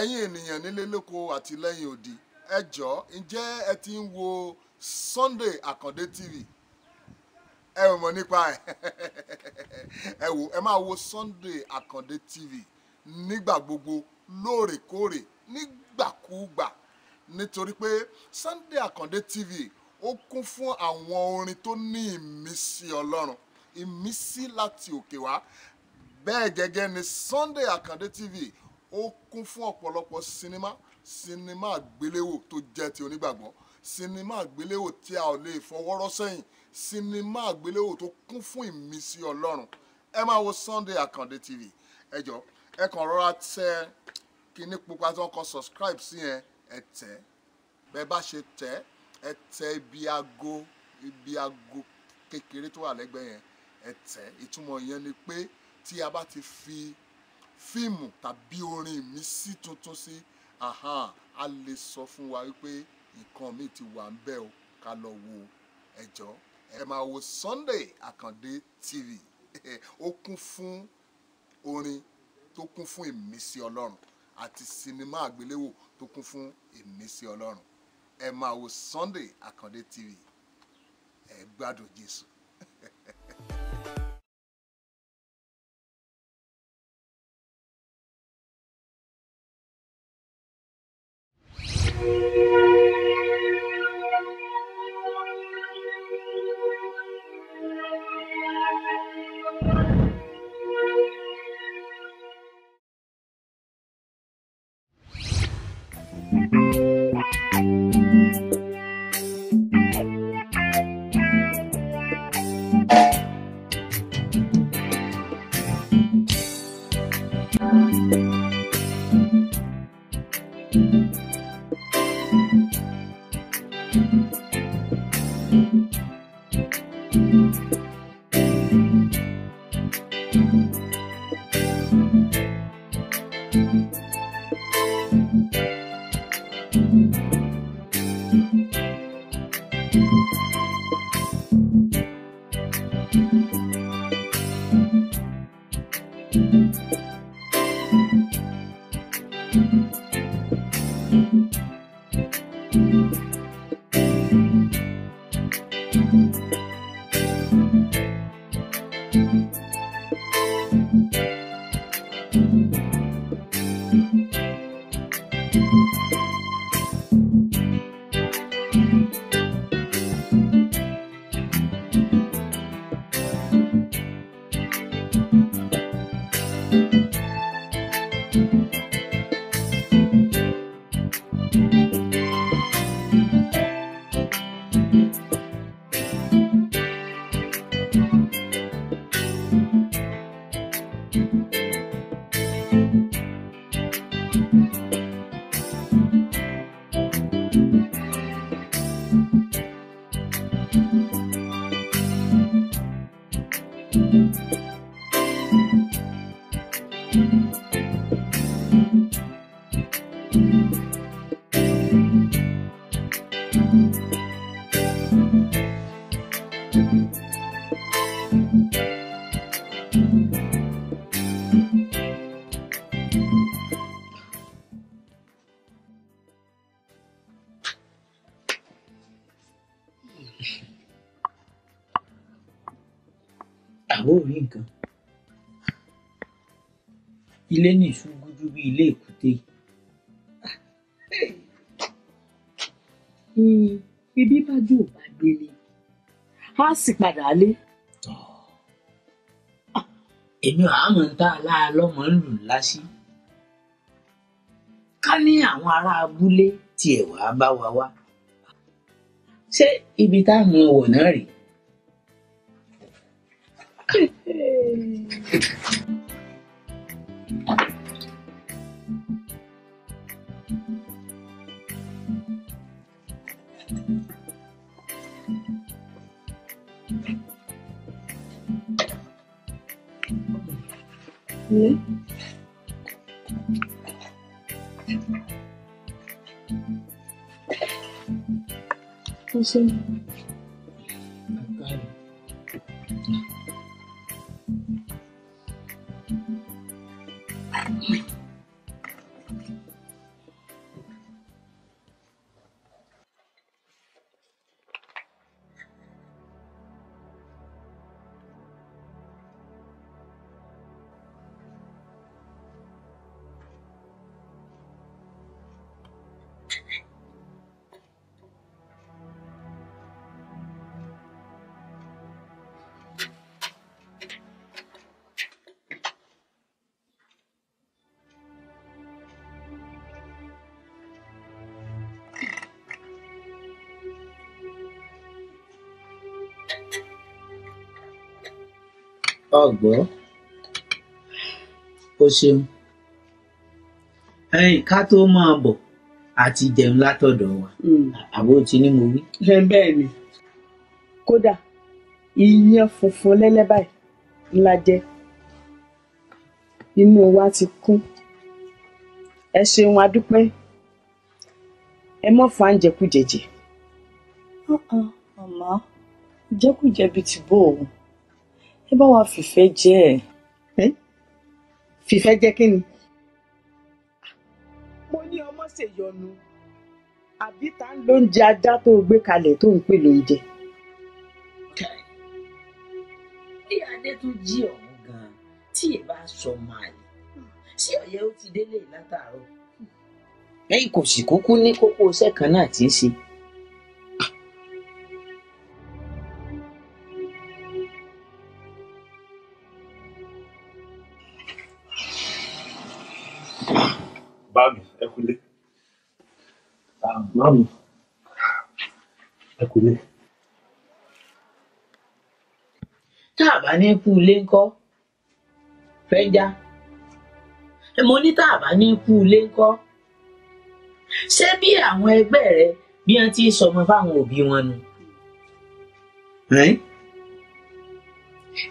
ẹ̀yin ènìyàn nílé lóko àti lẹ́yìn odi ẹ ǹjẹ́ ẹ ti ń wo Sunday Àkàndé TV ẹ ò mọ̀ nípa ẹ̀ ẹ wò ẹ máa wo Sunday Àkàndé TV nígbà gbogbo lóòrèkóòrè nígbàkúùgbà nítorí pé Sunday Àkàndé TV ó kún fún àwọn orin tó ní ìmísí Ọlọ́run ìmísí láti òkè wá bẹ́ẹ̀ gẹ́gẹ́ ni Sunday Àkàndé TV ó kún fún ọ̀pọ̀lọpọ̀ sinimá sinimá àgbéléwò tó jẹ́ ti onígbàgbọ́ sinimá àgbéléwò tí a ò lè fọwọ́rọ́ sẹ́yìn sinimá àgbéléwò tó kún fún ìmísí ọlọ́run ẹ máa wo Sunday Akande TV ẹ jọ ẹ kàn rọra tẹ kíní pupa tí wọ́n kọ subscribe sí yẹn ẹ tẹ bẹ́ẹ̀ bá ṣe tẹ ẹ tẹ ibi aago ibi aago kékeré tó wà lẹ́gbẹ̀ẹ́ yẹn ẹ tẹ ìtumọ̀ yẹn ni pé tí a bá ti fi fíìmù tàbí orin mi sí tuntun sí a lè sọ fún wa wípé nǹkan mi ti wà ń bẹ̀ o ká lọ wo ẹjọ́ ẹ máa wo Sunday Àkàndé TV ó kún fún orin tó kún fún ìmísí Ọlọ́run àti sinimá àgbéléwò tó kún fún ìmísí Ọlọ́run ẹ máa wo Sunday Àkàndé TV ẹ gbádùn Jésù. Thank you. ilé nìṣú gúdú bí ilé èkúté. ibi bájú ò bá gbélé á sì padà lé. èmi ò àmọ́ ń tá a lára lọ́mọ ń lù ńlá sí. ká ní àwọn ará abúlé tiẹ̀ wá bá wa wá. ṣé ibi táwọn ọ̀wọ̀ náà rèé? 嗯，谢心。ọgbọ o ṣeun ẹyin ká tó máa bọ̀ àti jẹun látọ̀dọ̀ wa hmm. àbó ti ní mo wí. bẹ́ẹ̀ ni kódà iyán funfun lẹ́lẹ́ báyìí ńlá jẹ́ inú wa ti kún ẹ ṣeun adúpẹ́ ẹ mọ̀ fà ń jẹkújẹjẹ. ọ̀kan màmá jẹkújẹ bíi ti bó òun ẹ bá wa fìfẹ́ jẹ́ ẹ̀. ẹ fìfẹ́ jẹ́ kí ni. Ah, mo ní ọmọ ṣèyọnu àbí ta ló ń jẹ ajá tó gbé kalẹ̀ tó ń pè lóúnjẹ. bí adé tó jí ọ̀hún gan-an tí ì bá sọ máa yìí sí ọ̀yẹ́ ó ti délé látàárọ̀ lẹ́yìn kò sì kúkú ní kókó iṣẹ́ kan náà tí ń ṣe. ẹkùlé ah, mami ẹkùlé. tá a bá ní kú ilé ńkọ́ fẹ́ já mo ní tá a bá ní kú ilé ńkọ́ ṣé bí àwọn ẹgbẹ́ rẹ bí wọ́n ti sọmọ fáwọn òbí wọn nu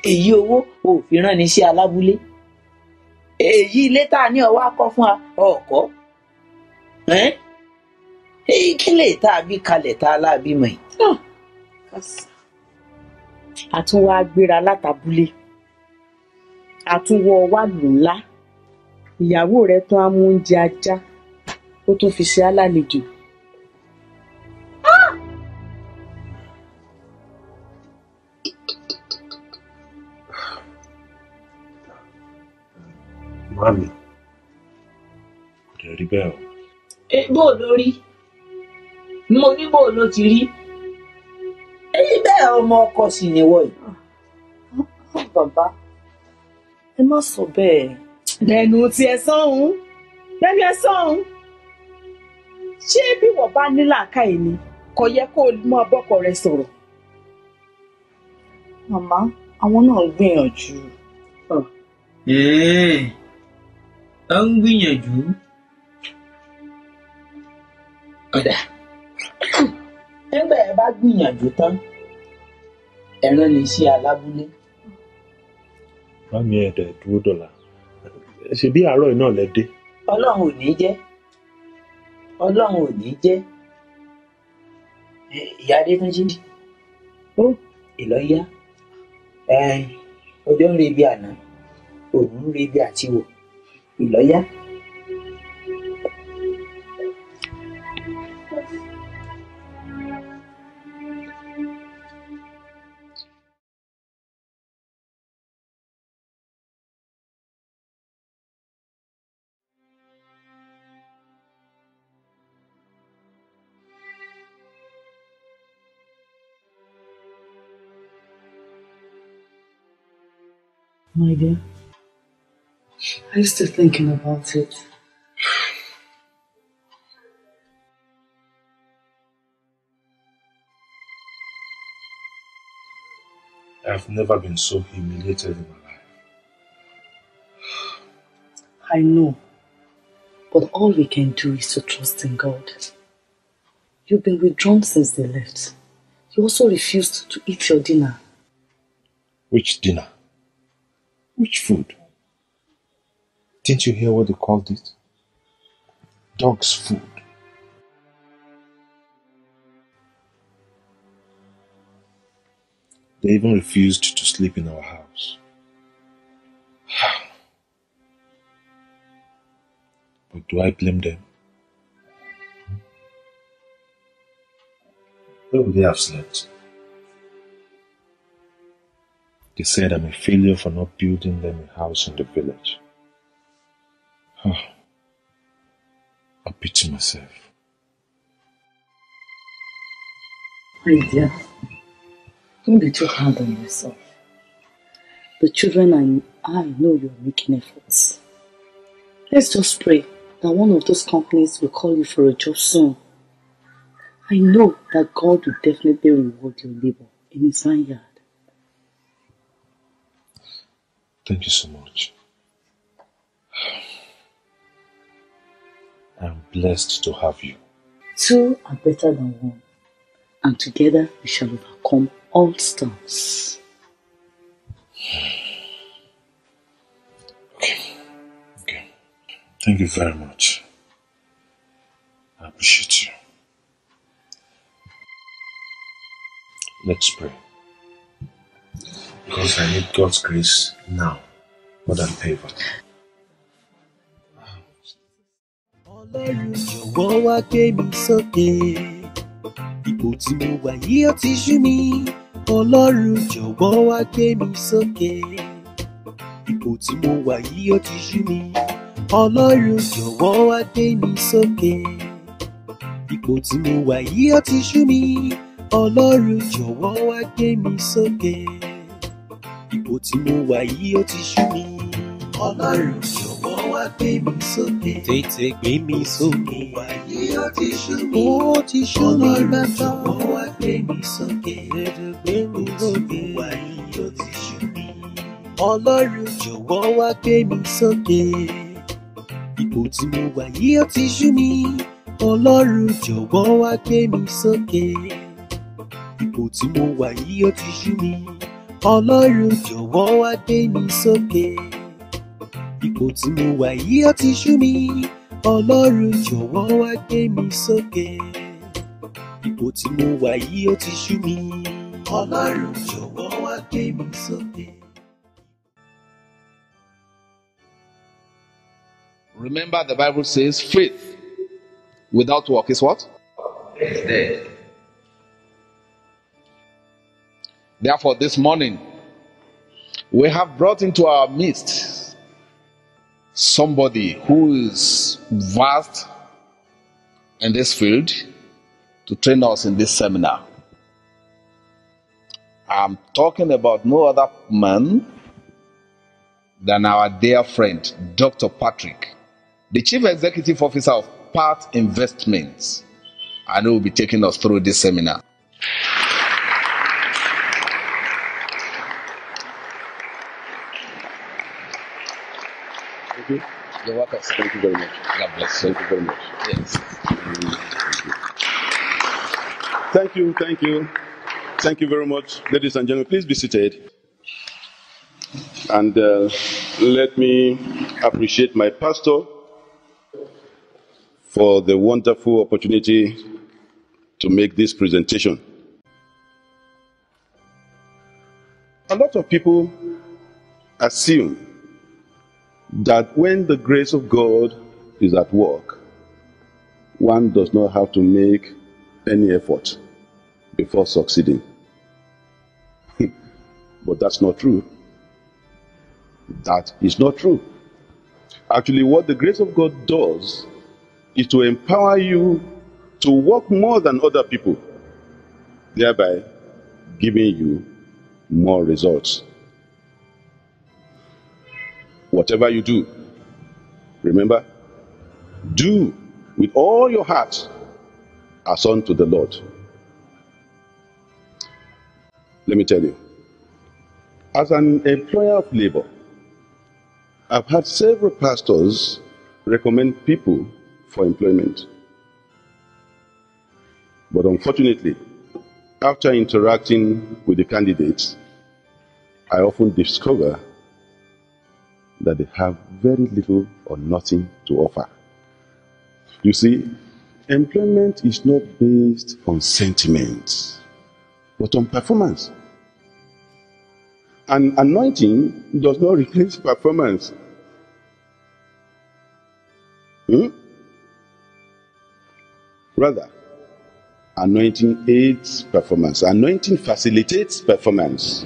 èyí owó ò fi ránni sí alábúlé èyí ilé tá a ní ọwọ́ akọ fún wa kílẹ̀ tá a bí kalẹ̀ tá a láàbí mọ̀ yìí. Ah, a tún wá gbéra látàbúlé a tún wọ wàlú ńlá ìyàwó rẹ̀ tún á mú oúnjẹ ajá ó tún fi ṣe alálejò. Ah! Mami, kò dẹ̀ rí bẹ́ẹ̀ o. Eh, bó ló rí mo ní bó ló ti rí èyí bẹ́ẹ̀ ọmọ ọkọ sì ni wọ̀ yìí. Ah, ah. bàbá ẹ má sọ bẹ́ẹ̀. lẹ́nu tí ẹ sọ́hún lẹ́nu ẹ sọ́hún ṣé bí wọ́n bá ní làákàyè ni kò yẹ kó o mọ bọ́kọ rẹ sọ̀rọ̀. màmá àwọn náà gbìyànjú. ẹ ah, eh, ẹ ń gbìyànjú ọ̀dà nígbà ẹ bá gbìyànjú tán ẹran lè ṣe alábúlé. bámi ẹ̀dẹ̀ dúró dọ̀la ṣe bí àárọ̀ iná lẹ dé. ọlọ́run ò ní jẹ́ ọlọ́run ò ní jẹ́ ìyá adétúnjì ó ìlọ́yà ọjọ́ ń rebi àná òun ń rebi àtiwò ìlọ́yà. my dear. I'm still thinking about it? I've never been so humiliated in my life. I know. But all we can do is to trust in God. You've been withdrawn since they left. You also refused to eat your dinner. Which dinner? Which food? Didn't you hear what they called it? Dog's food. They even refused to sleep in our house. but do I blame them? They would they have slept? They said I'm a failure for not building them a house in the village. Oh, I pity myself. My dear, don't be too hard on yourself. The children and I know you're making efforts. Let's just pray that one of those companies will call you for a job soon. I know that God will definitely reward your labor in His vineyard. Thank you so much. I'm blessed to have you. Two are better than one, and together we shall overcome all storms. Okay. Okay. Thank you very much. I appreciate you. Let's pray because I need God's grace now more than ever. Ọlọ́run jọ̀wọ́ wá gbé mi sókè ipò tí mo wà yìí ó ti sú mi. Ọlọ́run jọ̀wọ́ wá gbé mi sókè ipò tí mo wà yìí ó ti sú mi. Ọlọ́run jọ̀wọ́ wá gbé mi sókè ipò tí mo wà yìí ó ti sú mi. Ọlọ́run jọ̀wọ́ wá gbé mi soke ipo ti wa yii o ti su mi wa gbe mi soke ipò tí mo wà yìí ó ti sú mi. ọlọ́run ṣọwọ́ wá gbé mi sókè. tètè gbé mi sókè. mo wà yìí ó ti sú mi. ó ti sú mi bàtà. ọlọ́run ṣọwọ́ wá gbé mi sókè. tètè gbé mi sókè. mo wà yìí ó ti sú mi. ọlọ́run ṣọwọ́ wá gbé mi sókè. ipò tí mo wà yìí ó ti sú mi. ọlọ́run jọ̀wọ́ wá gbé mi sókè. ipò tí mo wà yìí ó ti sú mi. ọlọ́run jọ̀wọ́ wá mi sókè ipò tí mo wà yìí ó ti sú mi ọlọ́run jọ̀wọ́ wá gbé mi sókè ipò tí mo wà yìí ó ti sú mi ọlọ́run jọ̀wọ́ wá mi soke ipo ti mo wa yii o ti su mi olorun jowo wa mi soke Remember, the Bible says faith without work is what? It's dead. Therefore, this morning, we have brought into our midst somebody who is vast in this field to train us in this seminar. I'm talking about no other man than our dear friend, Dr. Patrick, the Chief Executive Officer of Part Investments, and he will be taking us through this seminar. Thank you. You're welcome. Thank you very much. God bless you. Thank you very much. Yes. Thank you. Thank you. Thank you very much, ladies and gentlemen. Please be seated. And uh, let me appreciate my pastor for the wonderful opportunity to make this presentation. A lot of people assume that when the grace of God is at work, one does not have to make any effort before succeeding. but that's not true. That is not true. Actually, what the grace of God does is to empower you to work more than other people, thereby giving you more results whatever you do. Remember? Do with all your heart as unto the Lord. Let me tell you, as an employer of labor, I've had several pastors recommend people for employment. But unfortunately, after interacting with the candidates, I often discover that they have very little or nothing to offer. You see, employment is not based on sentiment, but on performance. And anointing does not replace performance. Hmm? Rather, anointing aids performance, anointing facilitates performance.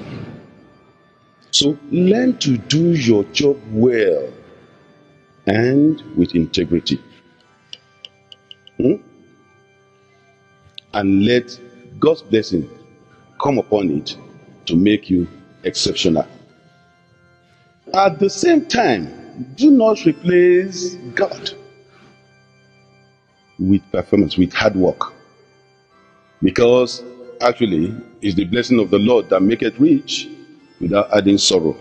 So learn to do your job well and with integrity. Hmm? And let God's blessing come upon it to make you exceptional. At the same time, do not replace God with performance, with hard work. Because actually, it's the blessing of the Lord that maketh rich without adding sorrow.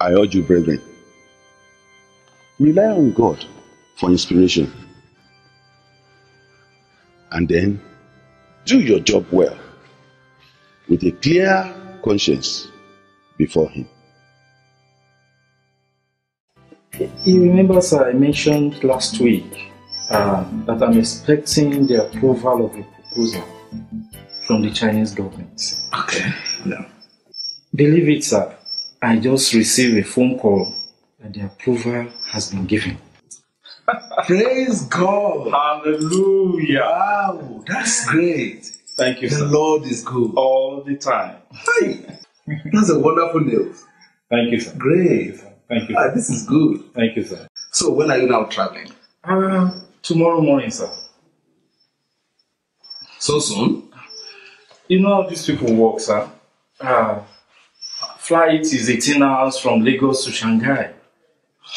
I urge you, brethren, rely on God for inspiration. And then do your job well with a clear conscience before Him. You remember, sir, I mentioned last week uh, that I'm expecting the approval of a proposal from the Chinese government. Okay. No. Believe it, sir. I just received a phone call that the approval has been given. Praise God. Hallelujah. Wow, that's great. Thank you, the sir. The Lord is good. All the time. Hi. That's a wonderful news. Thank you, sir. Great. Thank you. Ah, sir. this is good. Thank you, sir. So, when are you now traveling? Uh, tomorrow morning, sir. So soon? You know how these people work, sir uh, flight is 18 hours from Lagos to Shanghai.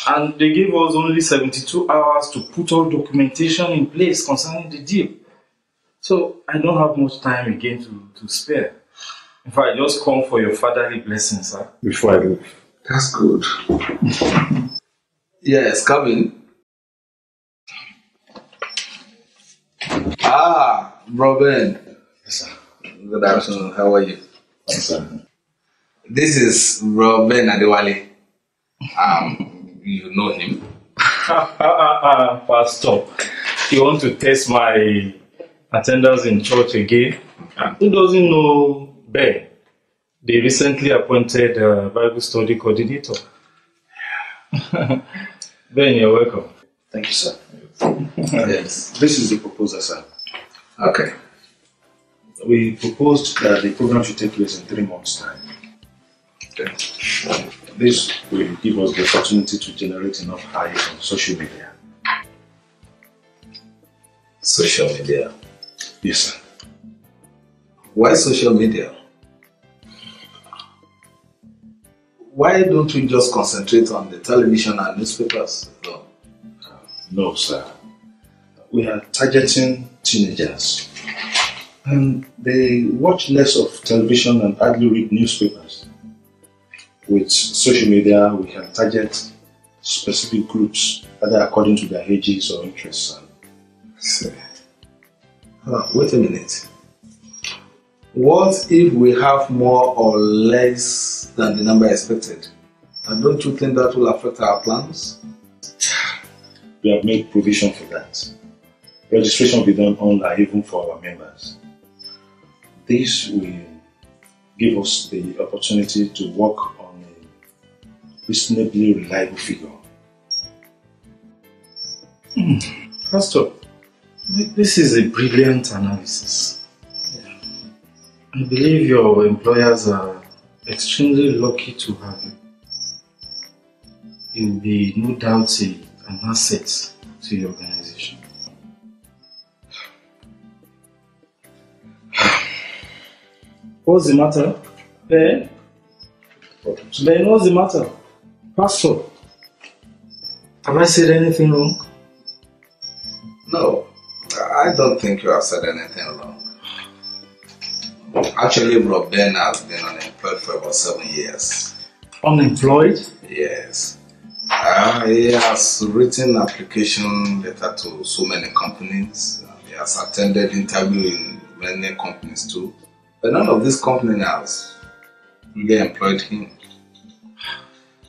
And they gave us only 72 hours to put all documentation in place concerning the deal. So I don't have much time again to, to spare. In fact, I just come for your fatherly blessing, sir. Before I leave. That's good. yes, coming. Ah, Robin. Yes, sir. Good afternoon. How are you? This is Robin Adewale. Um, you know him. Pastor, you want to test my attendance in church again? Ah, who doesn't know Ben? They recently appointed a uh, Bible study coordinator. ben, you're welcome. Thank you, sir. yes. This is the proposal, sir. Okay we proposed that the program should take place in three months' time. Okay. This will give us the opportunity to generate enough hype on social media. Social media? Yes, sir. Why social media? Why don't we just concentrate on the television and newspapers? No, no sir. We are targeting teenagers and they watch less of television and hardly read newspapers. With social media, we can target specific groups, either according to their ages or interests. So, uh, wait a minute. What if we have more or less than the number expected? And don't you think that will affect our plans? We have made provision for that. Registration will be done online even for our members. This will give us the opportunity to work on a reasonably reliable figure. Mm. Pastor, this is a brilliant analysis. I believe your employers are extremely lucky to have you. You'll be no doubt an asset to your organization. What's the matter? Ben? Ben, what's the matter? Pastor, have I said anything wrong? No, I don't think you have said anything wrong. Actually, Rob Ben has been unemployed for about seven years. Unemployed? Yes. Uh, he has written application letter to so many companies. He has attended interview in many companies too. But none of these companies really employed him.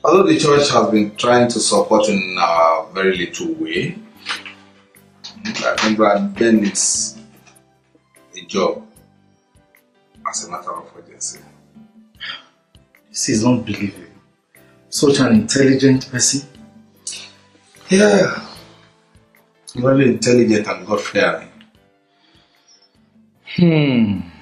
Although the church has been trying to support him in a very little way, I think Ben needs a job as a matter of urgency. This is unbelievable. Such an intelligent person. Yeah. Very intelligent and God-fearing. Hmm.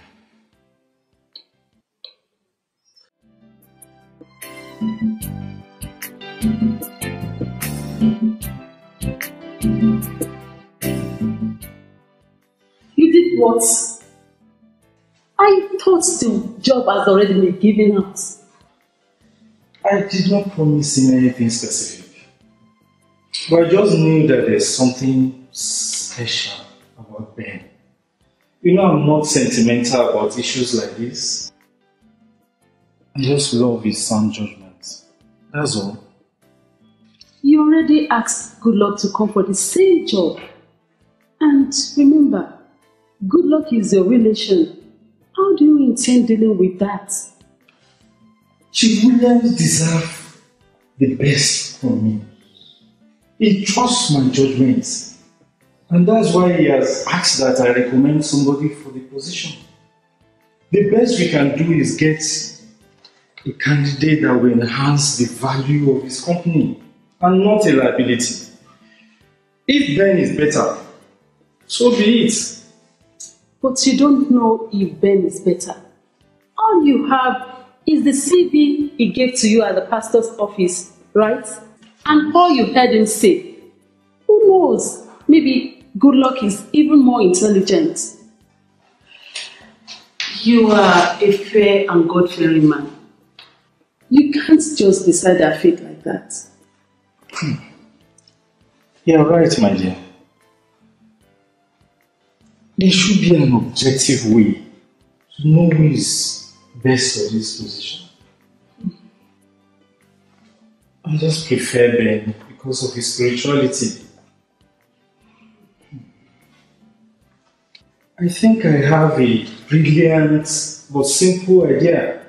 You did what? I thought the job has already been given out. I did not promise him anything specific. But I just knew that there's something special about Ben. You know, I'm not sentimental about issues like this. I just love his sound judgment. That's all. You already asked good luck to come for the same job. And remember, good luck is your relation. How do you intend dealing with that? She Williams deserves the best from me. He trusts my judgment, And that's why he has asked that I recommend somebody for the position. The best we can do is get a candidate that will enhance the value of his company and not a liability. If Ben is better, so be it. But you don't know if Ben is better. All you have is the CV he gave to you at the pastor's office, right? And all you heard him say. Who knows? Maybe good luck is even more intelligent. You are a fair and God fearing man. You can't just decide our fate like that. Hmm. You're right, my dear. There should be an objective way to know who is best for this position. Hmm. I just prefer Ben because of his spirituality. Hmm. I think I have a brilliant but simple idea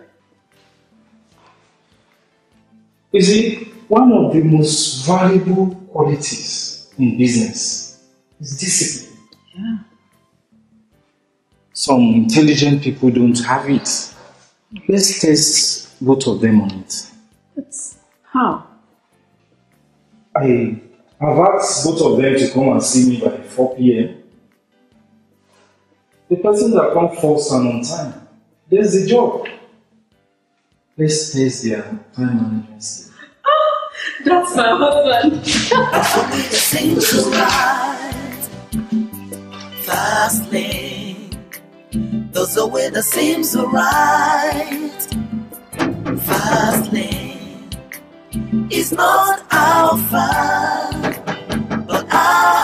You see, one of the most valuable qualities in business is discipline. Yeah. Some intelligent people don't have it. Let's test both of them on it. how? I have asked both of them to come and see me by 4 p.m. The person that comes first and on time, there's the job. Let's test their time management skills. That's my husband. Fast link. Those are where the seems right. Fast link is not our fault, but our,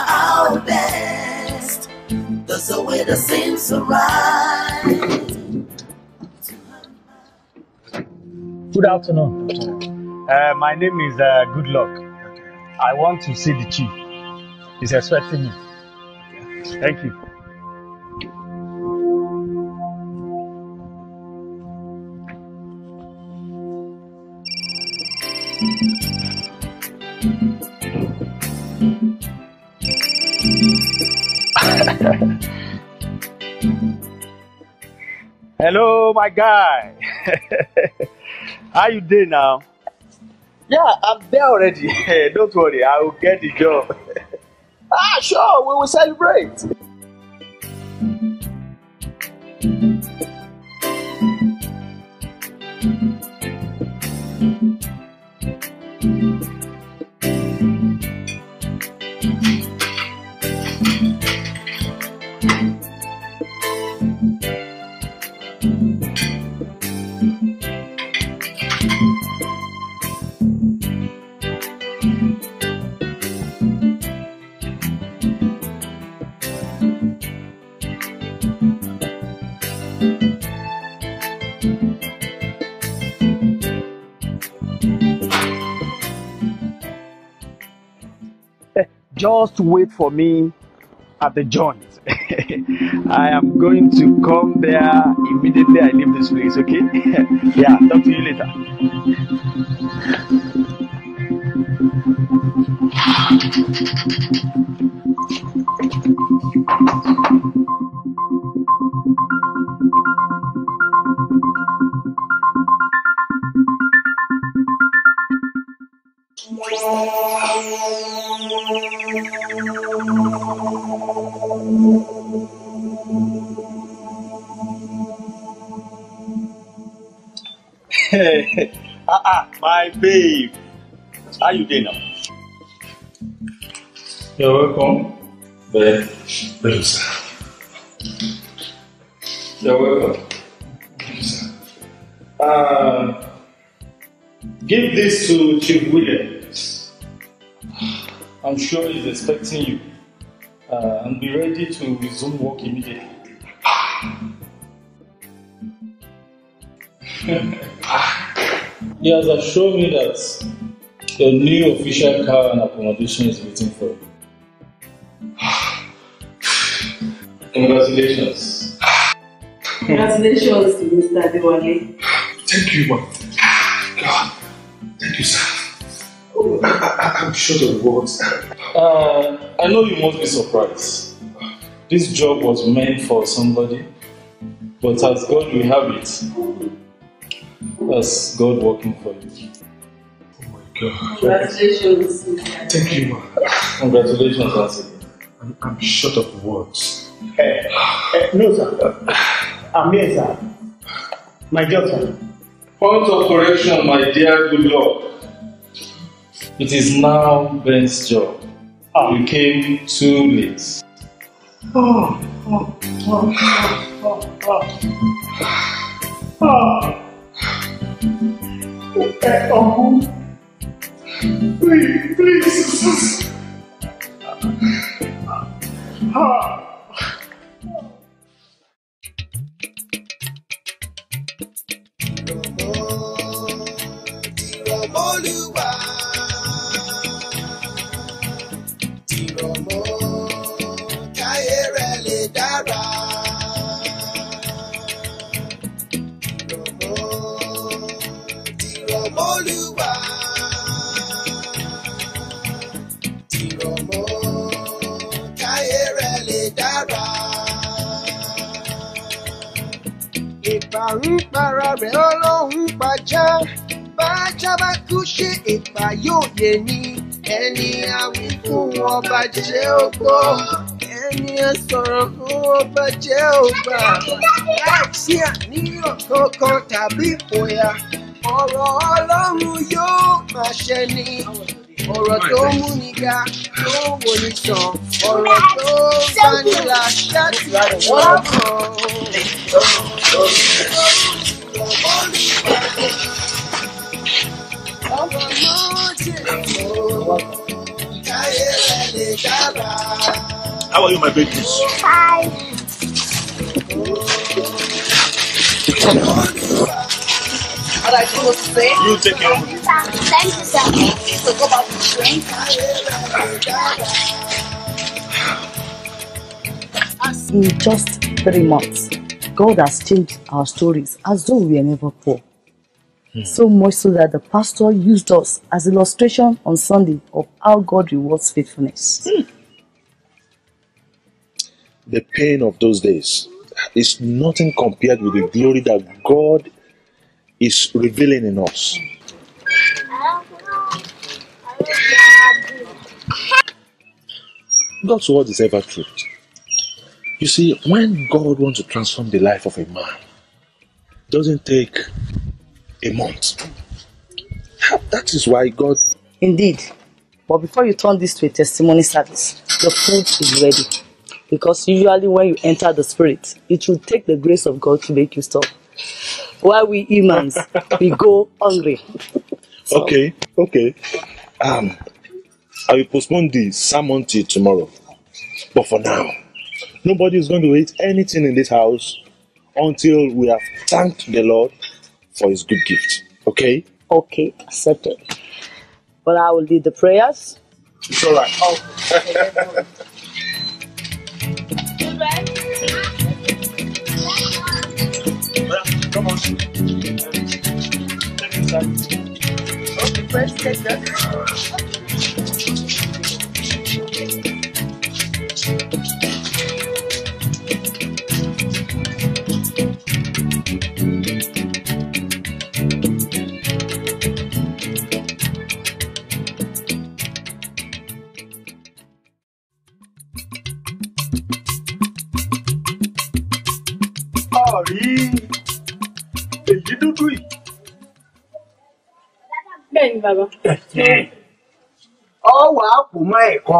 our best. Those are where the seems right. Good afternoon. Uh, my name is uh, Good Luck. I want to see the chief. He's expecting me. Thank you. Hello, my guy. How you doing now? Yeah, I'm there already. Don't worry, I will get the job. ah, sure, we will celebrate. just wait for me at the joint. I am going to come there immediately I leave this place, okay? yeah, talk to you later. Ah, ah, my babe. How you doing now? You're welcome. Babe. Thank sir. You're welcome. You, sir. Uh, give this to Chief William. I'm sure he's expecting you. Uh, and be ready to resume work immediately. he has assured me that the new official car and accommodation is waiting for you. Congratulations. Congratulations to Mr. Diwali. Thank you, God. Thank you, sir. I, I, I'm short of words. Uh, I know you must be surprised. This job was meant for somebody, but as God will have it, that's God working for you. Oh my God. Congratulations. Thank you, ma. Congratulations once I'm, short of words. Hey, eh, eh, hey, no, sir. I'm here, sir. My daughter. Point of correction, my dear, good Lord. It is now Ben's job. Oh. You came too late. Oh, oh, oh, oh, oh. oh. Okay, oh. Please, please. Oh. oh, Olúwa. àrùn para rẹ̀ ọlọ́run pàjá bájá bá kú ṣe ìpà yóò yé ni ẹni àwí fún ọba jẹ́ ògbó ẹni ẹ sọ̀rọ̀ fún ọba jẹ́ ògbà láìsí àníyàn kankan tàbí ìfòyà ọ̀rọ̀ ọlọ́run yóò máa ṣẹ ni ọ̀rọ̀ tó mú ni ga tó wò ní sàn ọ̀rọ̀ tó bani la láti wọ́n kàn. ọmọ náà ṣe lò káyé rẹ̀ lè dábàá. How are you, my babies? Hi. All right, you You take care. Thank you, sir. So go back to In just three months, God has changed our stories as though we were never poor. Hmm. So much so that the pastor used us as illustration on Sunday of how God rewards faithfulness. Hmm. The pain of those days is nothing compared with the glory that God is revealing in us. God's word is ever truth. You see, when God wants to transform the life of a man, it doesn't take a month. That is why God. Indeed. But before you turn this to a testimony service, your food is ready. Because usually when you enter the spirit, it will take the grace of God to make you stop. Why we humans, we go hungry. So. Okay, okay. Um, I will postpone the sermon till tomorrow. But for now, nobody is going to eat anything in this house until we have thanked the Lord for his good gift. Okay? Okay, accepted. But I will lead the prayers. It's all right. Oh, so much. Okay, first, take bàbá. ọ wà á pò mọ́ ẹ̀kọ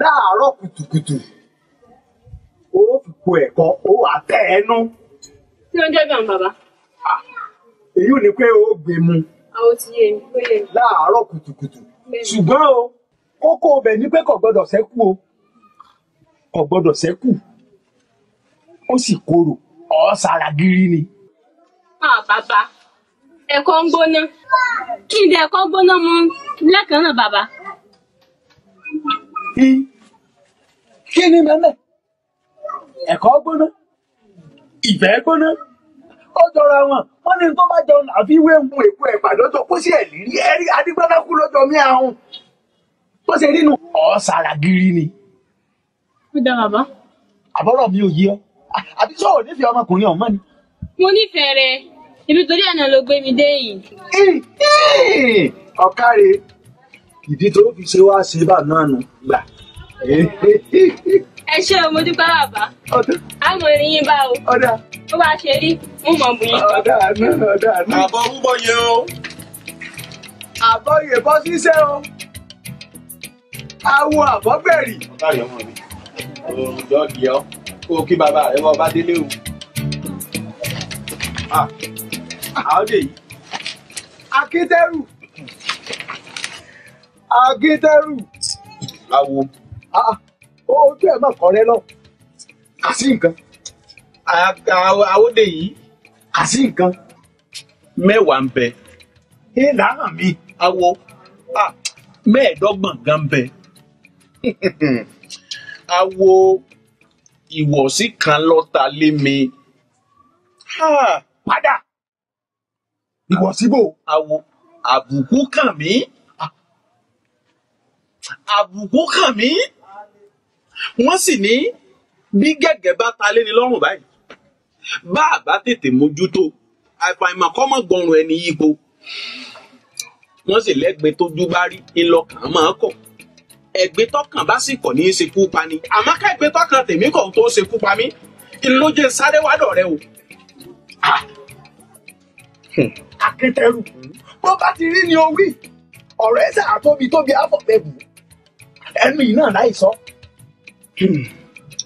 láàárọ̀ kùtùkùtù ó fi po ẹ̀kọ ó wà tẹ́ ẹnu. kí ló ń jẹ́ bẹ́ẹ̀ bàbá. èyí ò ní pé ó gbé mu. àwọn ti yé mi pé yé mi. láàárọ̀ kùtùkùtù ṣùgbọ́n o kókó ọbẹ̀ ní pé kò gbọ́dọ̀ ṣẹ́kù o kò gbọ́dọ̀ ṣẹ́kù ó sì korò ọ̀ ṣàràgìrì ni. bàbá ẹ̀kọ́ ń gbóná kí n dẹ ẹ̀kọ́ ń gbóná mú lẹ́kàn náà bàbá. kí ni mẹ́mẹ́ ẹ̀kọ́ gbóná ìfẹ́ gbóná ó jọra wọn wọn ní tó bá jọun àfi ìwé ń wo èpo ẹ̀pà lọ́jọ́ kó sí ẹ̀lírí ẹ̀rí adigbọ́nà kú lọ́jọ́ mí àrùn bó ṣe rí nu ọ̀sàrà gírí ni. ó dá bàbá. àbọ̀rọ̀ mi ò yí ọ àbí sọ̀rọ̀ nífẹ̀ẹ́ ọmọkùnrin ọ̀mọ́ ni. mo nífẹ̀ẹ́ rẹ̀. Ibi torí ẹ̀ náà ló gbé mi dé yìí. Ọ̀káre, ìdí tó fi ṣe wá ṣe bà náà nù gbà. Ẹ ṣé o, mo dúpẹ́ bàbá. Àmọ̀ ìrìyìn bá o. Bó bá ṣe rí, mo mọ̀ bù yín. Àbọ̀ wúbọ̀ yẹn o. Àbọ̀ yẹn bọ́ síṣẹ́ o. Awo àbọ̀ bẹ̀rì. Ọ̀káre ọmọ mi, òòrùn jọ́ọ̀gì ọ́, kó o kí bàbá rẹ̀ wọ́n bá délé o. Ah àádé yìí akitẹrù akitẹrù láwo ah, ah. ojú ẹ má kọrẹ lọ kà sí nǹkan àwòdè yìí kà sí nǹkan mẹ́wàá ń bẹ ìlànà mi awo ah, mẹ́ẹ̀ẹ́dọ́gbọ̀n gan ń bẹ awo ìwọ̀sí kan lọ́ta lé mi padà ìwọ síbò. àwo àbùkù kàn mí àbùkù kàn mí wọ́n sì ní bí gẹ́gẹ́ bá ta lé ní lọ́rùn báyìí bá a bá tètè mójútó àìpàìmọ̀kọ́mọ̀ gbọ̀rùn ẹni yípo wọ́n sì lẹ́gbẹ̀ẹ́ tójú bá rí ńlọkàn máa kọ̀ ẹ̀gbẹ́ tọkàn bá sì kọ̀ ní í ṣekú pa ni àmọ́ ká ẹ̀gbẹ́ tọkàn tèmi kọ̀ tó ṣekú pa mí ńlọjẹ sáré wádọ̀ rẹ o. Ah! Hmm akétẹ́rù bó bá ti rí ni o wí ọ̀rọ̀ ẹ̀sẹ̀ àtóbi tóbi àfọ̀fẹ́ bù ẹnu yìí náà láì sọ.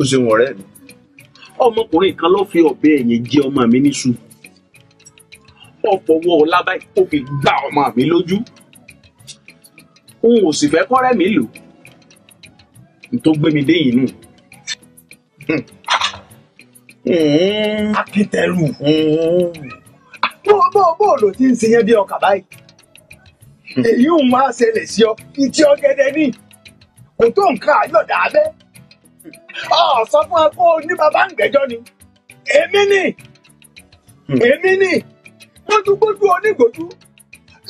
ó ṣeun ọ̀rẹ́ mi ọmọkùnrin kan ló fi ọ̀bẹ ẹ̀yìn jẹ ọmọ mi níṣu ọ̀pọ̀wọ́ ọlábàá ó fi gbá ọmọ mi lójú òun ò sì fẹ́ kọ́rẹ́ mi lò tó gbé mi dé yìí nù. akitẹru. Mm-hmm bó bó ló ti ń ṣiyẹn bí ọkà báyìí èyí ń wá ṣẹlẹ̀ sí ọ ìtì ọ̀gẹ̀dẹ̀ ni kò tó nǹkan àyọ̀dà abẹ́ ọ sọ fún wa kó ní bàbá ń gbẹ́jọ́ ni èmi ni hmm. èmi ni gbójúgbójú onígbójú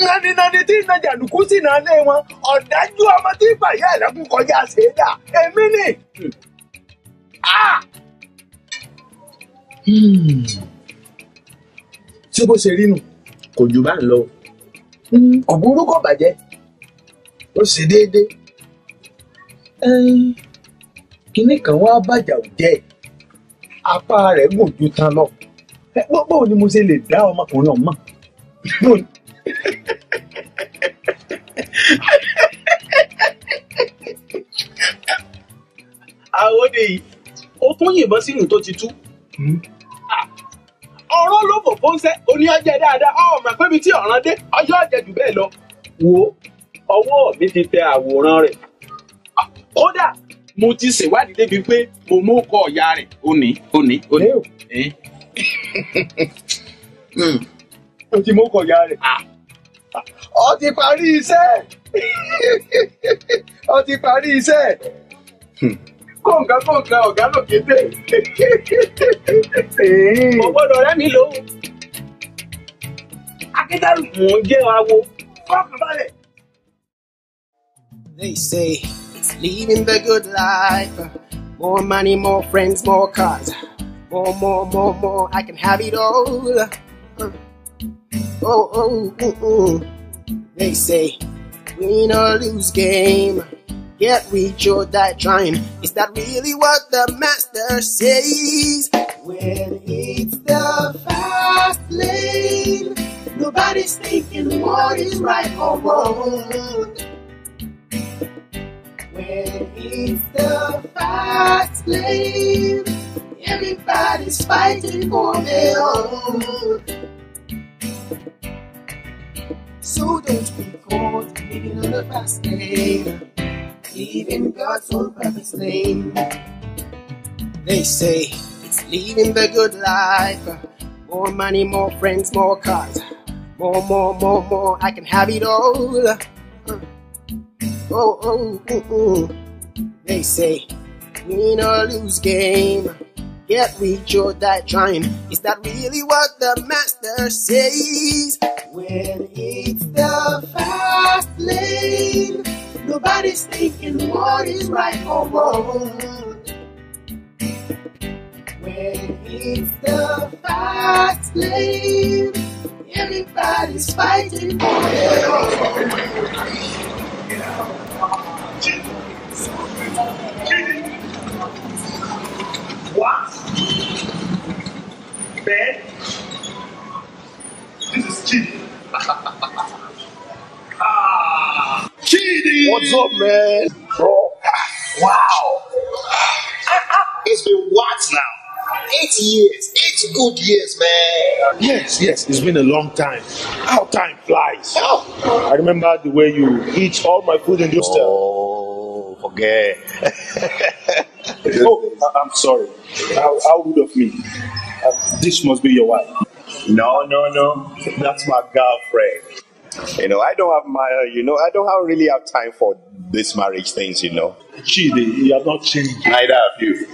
naninani tí iná jàǹdùkú sì náà lé wọn ọ̀dájú ọmọ tí ìpàyà ẹ̀lẹ́kùn kọjá ṣèdá èmi ni. Hmm. Ah! hmm ṣé bó ṣe rí nù kò jù bá ń lọ hmm, ọ̀bùrú kò bàjẹ́ ó sì déédéé kinní kan wá bàjá ò jẹ́ apá rẹ̀ gùn ju tán lọ gbogbo ni mo ṣe lè dá ọmọkùnrin ọ̀hún àwọn òde ó tún yìnbọn sínú tó ti tú. Hmm. ọ̀rọ̀ ló bò fún sẹ́ oní ọjẹ́ dáadáa ọmọ pébi tí ọ̀ràn dé ọjọ́ ọjẹ́ jù bẹ́ẹ̀ lọ wo ọwọ́ mi ti tẹ àwòrán rẹ kódà mo ti ṣèwádìí débi pé mo mú kọ ọ̀yà rẹ̀ òní òní òní. o ti mú kọ ọ̀yà rẹ̀. ó ti parí iṣẹ́ ó ti parí iṣẹ́. Hmm. kọ̀ǹgá kọ̀ǹgá ọ̀gá lọ kété. mo gbọ́dọ̀ mi lò ó. akíndárù mò ń jẹ́ awo kọ́ọ̀kan balẹ̀. They say it's living the good life. More money, more friends, more cars. More, more, more, more. I can have it all. Oh, oh, mm, mm. They say win or lose game can't reach or die trying. Is that really what the master says? When it's the fast lane, nobody's thinking what is right or wrong. When it's the fast lane, everybody's fighting for their own. So don't be caught in the fast lane leaving God's own perfect name. They say it's living the good life. More money, more friends, more cars. More, more, more, more. I can have it all. Oh, oh, oh oh. They say win or lose game. Get rich or die trying. Is that really what the master says? When it's the fast lane. Nobody's thinking what is right or wrong. When it's the fast lane, everybody's fighting for their own. What? Ben? This is cheating. Ah, What's up, man? Bro, wow. It's been what now? Eight years. Eight good years, man. Yes, yes. It's been a long time. How time flies. Oh. I remember the way you eat all my food in your Oh, forget. oh, I- I'm sorry. How, how rude of me. Uh, this must be your wife. No, no, no. That's my girlfriend. You know, I don't have my, uh, you know, I don't have really have time for this marriage things, you know. Chidi, you have not changed. Neither have you.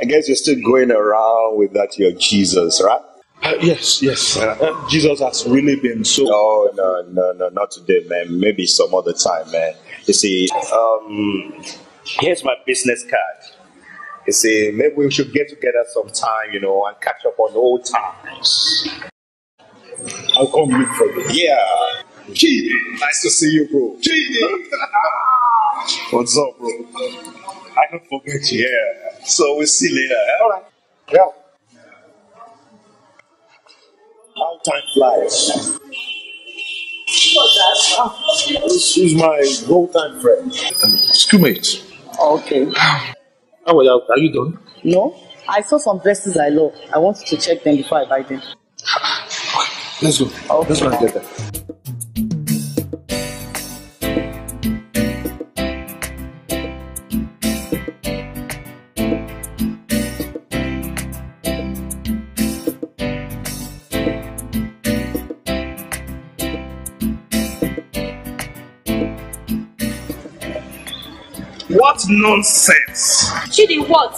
I guess you're still going around with that your Jesus, right? Uh, yes, yes. Uh, Jesus has really been so. No, no, no, no, not today, man. Maybe some other time, man. You see, um, here's my business card. You see, maybe we should get together sometime, you know, and catch up on old times. I'll come meet for you. Yeah. J.D. Nice to see you, bro. J.D. What's up, bro? I don't forget you. Yeah. So we'll see later. All right. Yeah. How time flies. She's my whole-time friend. Schoolmate. Okay. How are you? Are you done? No. I saw some dresses I love. I wanted to check them before I buy them. Let's go. Okay. Let's go and get them. what nonsense! Chidi, what?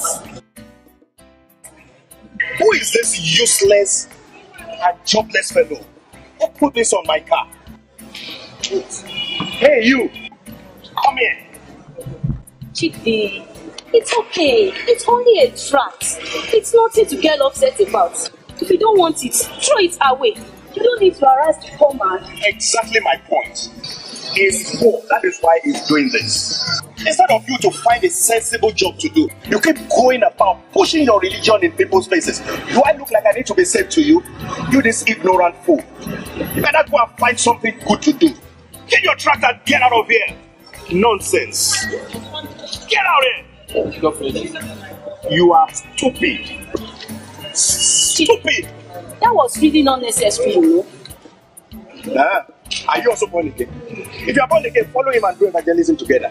Who is this useless and jobless fellow who put this on my car? Hey, you! Come here! Chidi, it's okay. It's only a trap. It's nothing to get upset about. If you don't want it, throw it away. You don't need to harass the poor man. Exactly my point is poor. That is why he's doing this. Instead of you to find a sensible job to do, you keep going about pushing your religion in people's faces. Do I look like I need to be saved to you? You this ignorant fool. Better go and find something good to do. Get your tracks and get out of here. Nonsense. Get out of here. You are stupid. Stupid. That was really unnecessary, you know. Nah. Are you also born again? If you are born again, follow him and do evangelism together.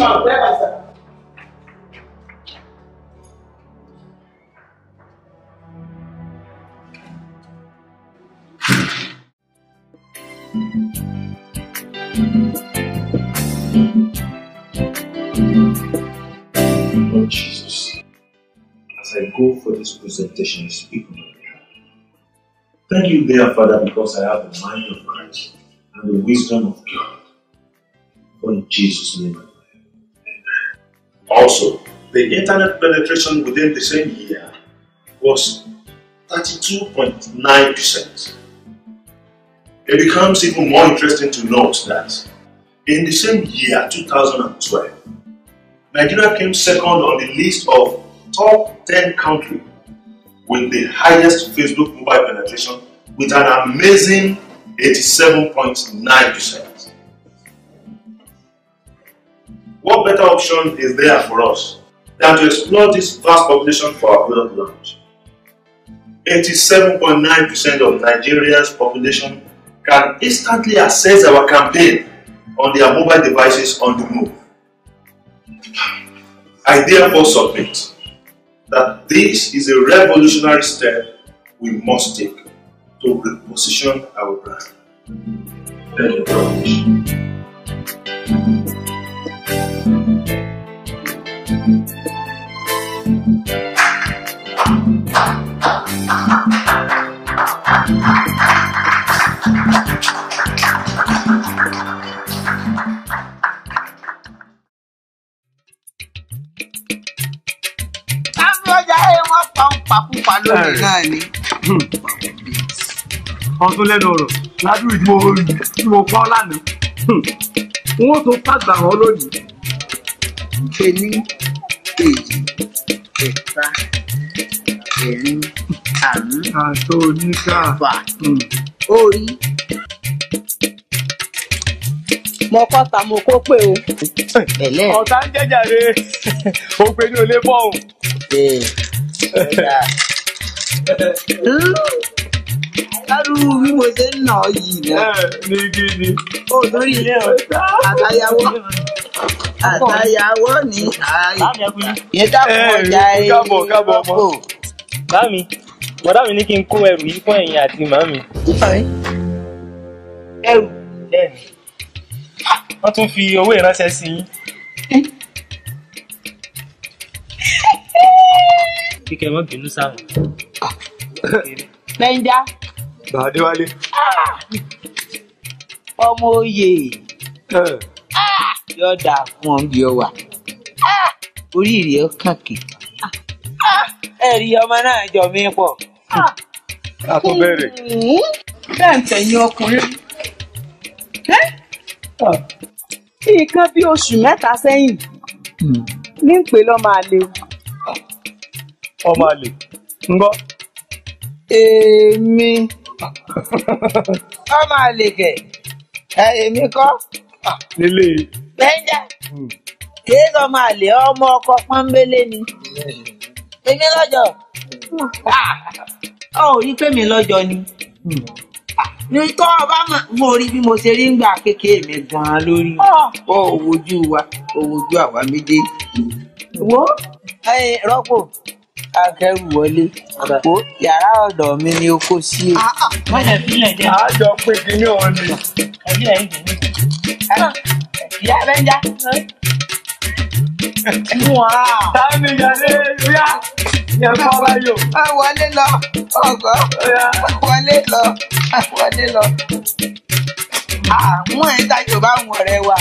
Lord Jesus, as I go for this presentation, speak on my behalf. Thank you, dear Father, because I have the mind of Christ and the wisdom of God. For in Jesus' name also, the internet penetration within the same year was 32.9%. It becomes even more interesting to note that in the same year, 2012, Nigeria came second on the list of top 10 countries with the highest Facebook mobile penetration with an amazing 87.9%. what better option is there for us than to explore this vast population for our product launch? 87.9% of Nigeria's population can instantly access our campaign on their mobile devices on the move. I therefore submit that this is a revolutionary step we must take to reposition our brand. Thank you very much. pakúpa lónìí náà ni. ọ̀n tó lẹ́nu ọ̀rọ̀ ládùúgbò tí mo tí mo pa lánàá hmm. wọ́n tó fàgbà ọ́ lónìí. kìíní kejì kẹta kẹrin àrùn àtò oníkà ẹ̀fà hmm. orí. mo kọ́ ta mo kó pé o. ọ̀tá ń jẹ́jà re ó pe ní olébọ̀ o. Lárú bí mo ṣe ń nà ọ yìí náà. Ní kí ni? Ó lórí àtàyàwó. Àtàyàwó ni ààyè. Yé dàpọ̀ ọjà ẹ̀ kábọ̀ kábọ̀ ọmọ. Bámi, bọ̀dá mi ní kí n kó ẹrù yìí fún ẹ̀yin àti màmí. Ẹrù. Bẹ́ẹ̀ni, wọ́n tún fi owó ìránṣẹ́ sí yín. kíkẹ́ mọ́ bínú sáà. nàìjà. bàdéwálé. Ah! ọmọ oyè ah! yóò dà fún ọ bí ọ wà ah! orí rẹ ọ kàkì ẹ̀rí ọmọ náà jọ mí pọ̀. a tó bẹ̀rẹ̀. Hmm? bẹ́ẹ̀ ń tẹ̀yìn ọkùnrin nǹkan bí oṣù mẹ́ta sẹ́yìn hmm. ní ń pè lọ́ máa léwu. ọ̀màlè ngọ́. èmi ọ̀màlè kẹ̀ èmi kọ́. nílé. Ah, bẹ́ńjà hmm. kìí sọ̀màlè ọmọ ọkọ pọ́nbélé ni ah. mi lọ́jọ́ ni ní tó o bá bí mo ṣe rí ń gbà kékeré mi gan-an lórí ọ ah. òwojú wa òwojú àwa méjèèjì. wo akẹ́rù wọlé kó yàrá ọ̀dọ̀ mi ni o kó sí o. mọ̀jẹ̀ sílẹ̀ jẹ́. a jọ pé kíní òun ni. ẹbí ẹ̀ ń dùn mí. Ah. ìyá rẹ̀ ń já. táàmì yàrá ríà yẹn kọ́ báyò. wọlé lọ ọgọ wọlé lọ wọlé lọ. àwọn ah, ẹ̀ta Yorùbá ń wọ̀rẹ́ wa.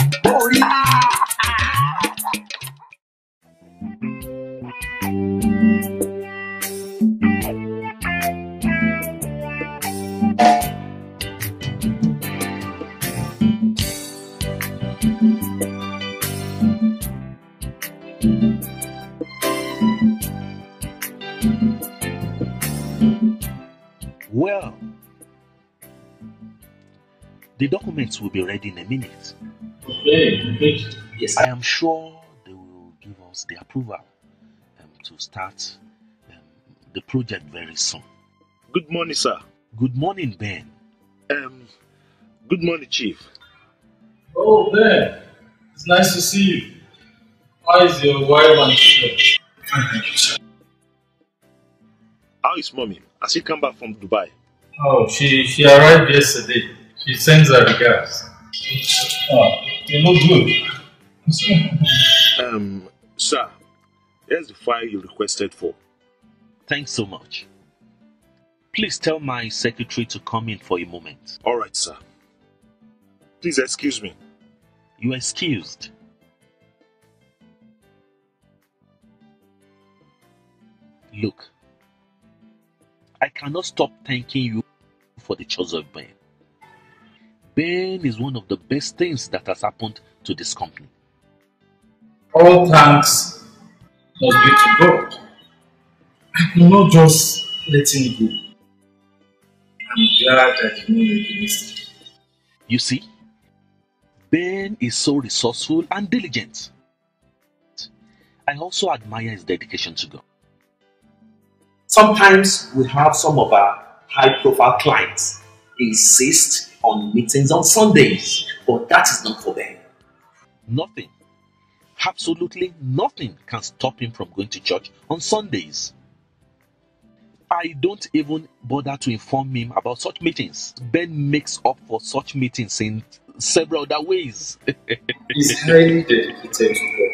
Well, the documents will be ready in a minute. Okay. Yes, I am sure they will give us the approval um, to start um, the project very soon. Good morning, sir. Good morning, Ben. Um, good morning, Chief. Oh, Ben. It's nice to see you. How is your wife and thank you, sir. How is mommy? Has she come back from Dubai? Oh, she, she arrived yesterday. She sends her regards. Oh, you look good. um, sir, here's the file you requested for. Thanks so much. Please tell my secretary to come in for a moment. All right, sir. Please excuse me. You are excused. Look, I cannot stop thanking you for the choice of Ben. Ben is one of the best things that has happened to this company. All thanks must be to God. I could not just let him go. I'm glad that you not make mistake. You see, Ben is so resourceful and diligent. I also admire his dedication to God. Sometimes we have some of our high profile clients insist on meetings on Sundays, but that is not for them. Nothing, absolutely nothing can stop him from going to church on Sundays. I don't even bother to inform him about such meetings. Ben makes up for such meetings in several other ways. He's highly dedicated to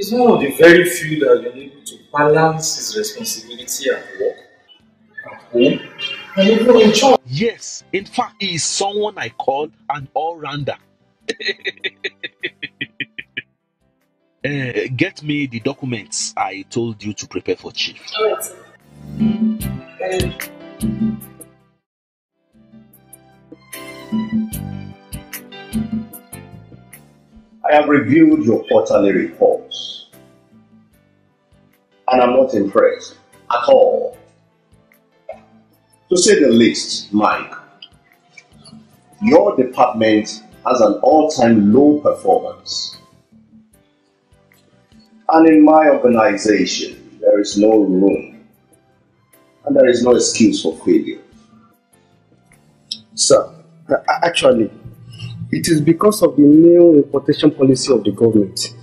He's one of the very few that has been able to balance his responsibility at work, at home, and even in church. Yes, in fact, he is someone I call an all-rounder. uh, get me the documents I told you to prepare for chief. I have reviewed your quarterly reports and I'm not impressed at all. To say the least, Mike, your department has an all time low performance. And in my organization, there is no room and there is no excuse for failure. Sir, so, actually, it is because of the new importation policy of the government.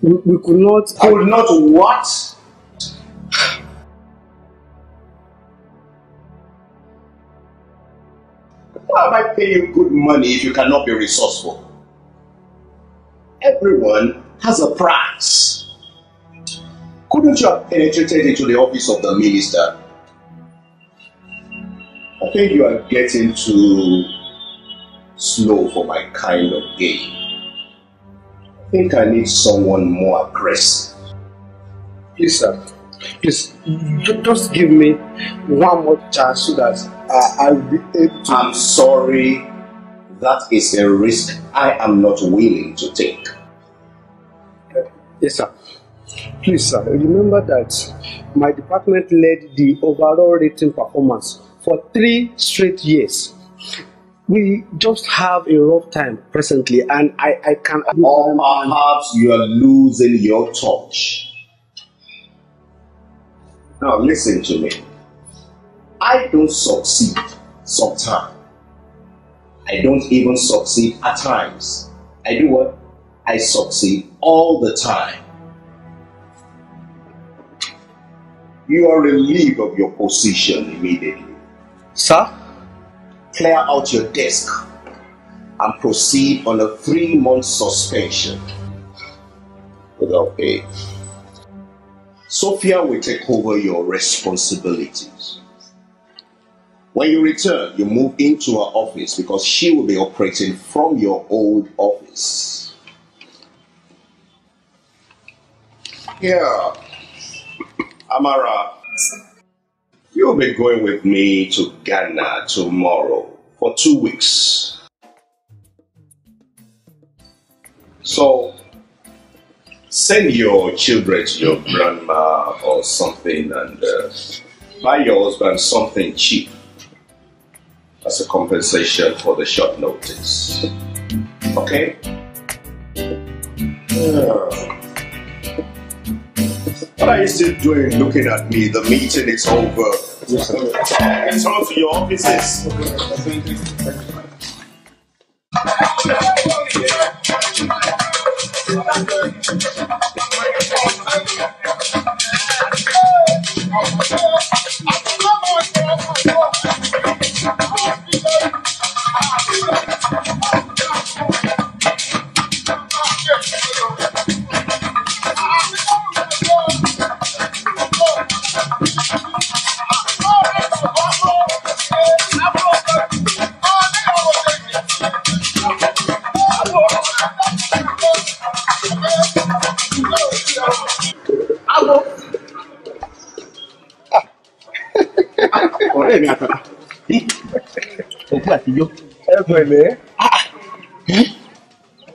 We, we could not. Could not what? Why am I paying you good money if you cannot be resourceful? Everyone has a price. Couldn't you have penetrated into the office of the minister? I think you are getting to slow for my kind of game. I think I need someone more aggressive. Please, sir. Please, just give me one more chance so that I, I will be able to. I'm sorry. That is a risk I am not willing to take. Yes, sir. Please, sir, remember that my department led the overall rating performance for three straight years we just have a rough time presently, and I, I can. Or perhaps you are losing your touch. Now, listen to me. I don't succeed sometimes. I don't even succeed at times. I do what? I succeed all the time. You are relieved of your position immediately. Sir? clear out your desk, and proceed on a three month suspension without pay. Sophia will take over your responsibilities. When you return, you move into her office because she will be operating from your old office. Yeah. Amara. You'll be going with me to Ghana tomorrow for two weeks. So send your children to your grandma or something and uh, buy your husband something cheap as a compensation for the short notice. Okay? Yeah. What are you still doing looking at me? The meeting is over. It's on to your offices. àtijọ́. ẹ pẹ̀lẹ́ ah, ah.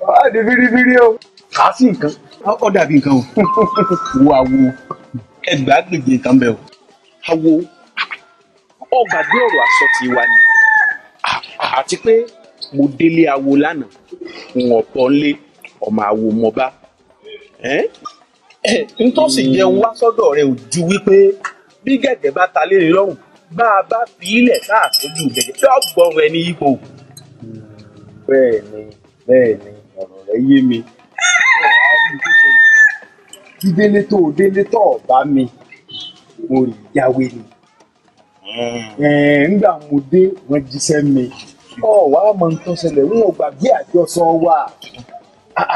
wàá di fírífírí o. kà á sí nǹkan ó dàbí nǹkan o wo àwo ẹgbàágbèje nǹkan bẹ́ẹ̀ o àwo ọgbàgbé ọ̀rọ̀ àsọ ti wa ni ah, àti pé mo délé awo lánàá ń ọ̀pọ̀ nlé ọmọ awo mo bá ntọ́sí jẹun wá sọ́dọ̀ rẹ̀ ò ju wípé bí gẹ̀gẹ̀ bá ta lé lọ́rùn bá a bá fi ilẹ̀ káàtọ́jú gẹ̀gẹ̀ tí ọgbọ́n rẹ ní ipò. bẹ́ẹ̀ ni bẹ́ẹ̀ ni ọ̀rọ̀ rẹ yé mi. dídélé tó délé tó ọ̀bá mi mo rí yáwé ni. ńgbà hmm. mo dé wọ́n jíṣẹ́ mi ọ̀wá mọ̀ ń tọ́ ṣẹlẹ̀ ń ò gbàgbé àjọsọ wa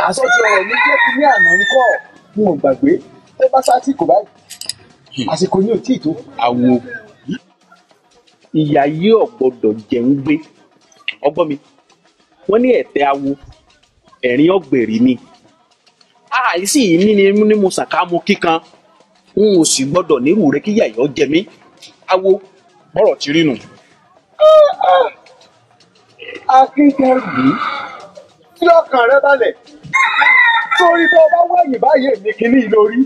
àsọtí ọ̀rọ̀ mi jẹ́ kí ní àná ń kọ́ ń ò gbàgbé ẹ bá sásìkò báyìí hmm. àsìkò ní òtí àwọn òkú ìyá yìí ò gbọdọ̀ jẹ́ ń gbé ọgbọ́n mi wọ́n ní ẹ̀tẹ́ awo ẹ̀rín ọ̀gbẹ̀rì ni àìsí ah, yìí ní ní mo sàkámu kíkan n ò sì gbọdọ̀ nírú rẹ kíyà yọ jẹ mí awo bọ́rọ̀ ti rí nu. akíkanjú tí ọkàn rẹ balẹ̀ sórí tó bá wẹ̀yìn báyìí èmi kìíní lórí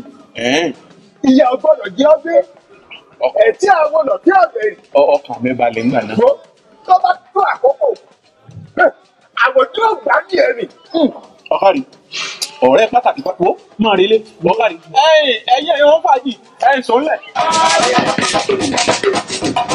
ìyá ò jẹ́ ọ́ ẹtí àwọn ọ̀nà tí àbẹ̀. ọkàn mi balẹ̀ ńgbà náà. wo tó bá tó àkókò àwòjú ọgbà ní ẹ̀rì. Hmm. ọ̀kàrí ọ̀rẹ́ pàtàkì pàtó máa relé ọ̀kàrí. ẹ̀yin ẹ̀yin ẹ̀yin wọn fàájì ẹ̀yin sọ ńlẹ̀. ọ̀rẹ́ pàtàkì pàtó máa relé.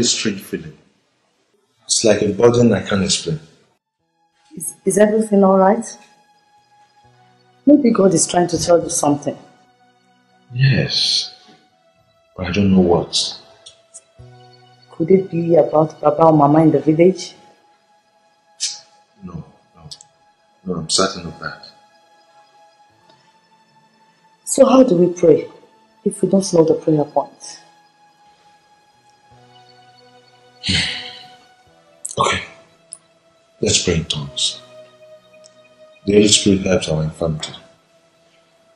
this strange feeling. It's like a burden I can't explain. Is, is everything alright? Maybe God is trying to tell you something. Yes, but I don't know what. Could it be about Baba or Mama in the village? No, no, no, I'm certain of that. So how do we pray if we don't know the prayer point? Let's pray in tongues. The Holy Spirit helps our infirmity,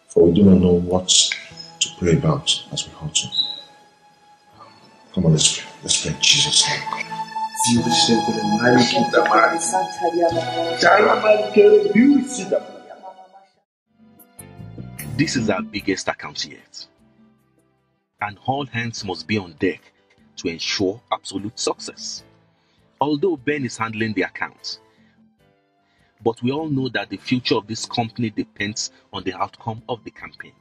for we do not know what to pray about as we ought to. Come on, let's pray. Let's pray in Jesus' name. This is our biggest account yet, and all hands must be on deck to ensure absolute success although Ben is handling the accounts. But we all know that the future of this company depends on the outcome of the campaign.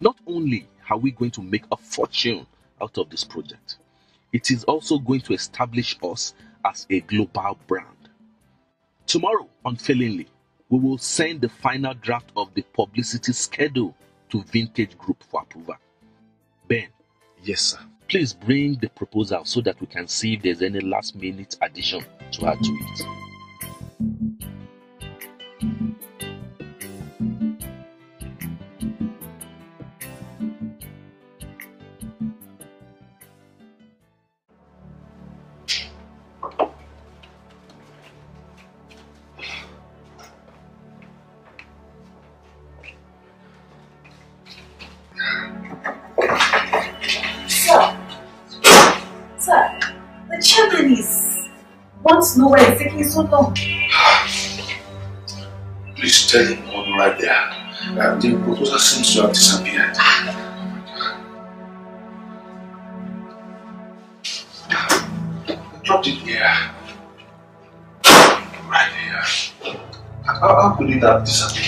Not only are we going to make a fortune out of this project, it is also going to establish us as a global brand. Tomorrow, unfailingly, we will send the final draft of the publicity schedule to Vintage Group for approval. Ben. Yes, sir please bring the proposal so that we can see if there's any last minute addition to add to it. sọ́nà. Please tell him what right there. Uh, the proposal seems to have disappeared. Dropped it here. Right here. How, how could it have disappeared?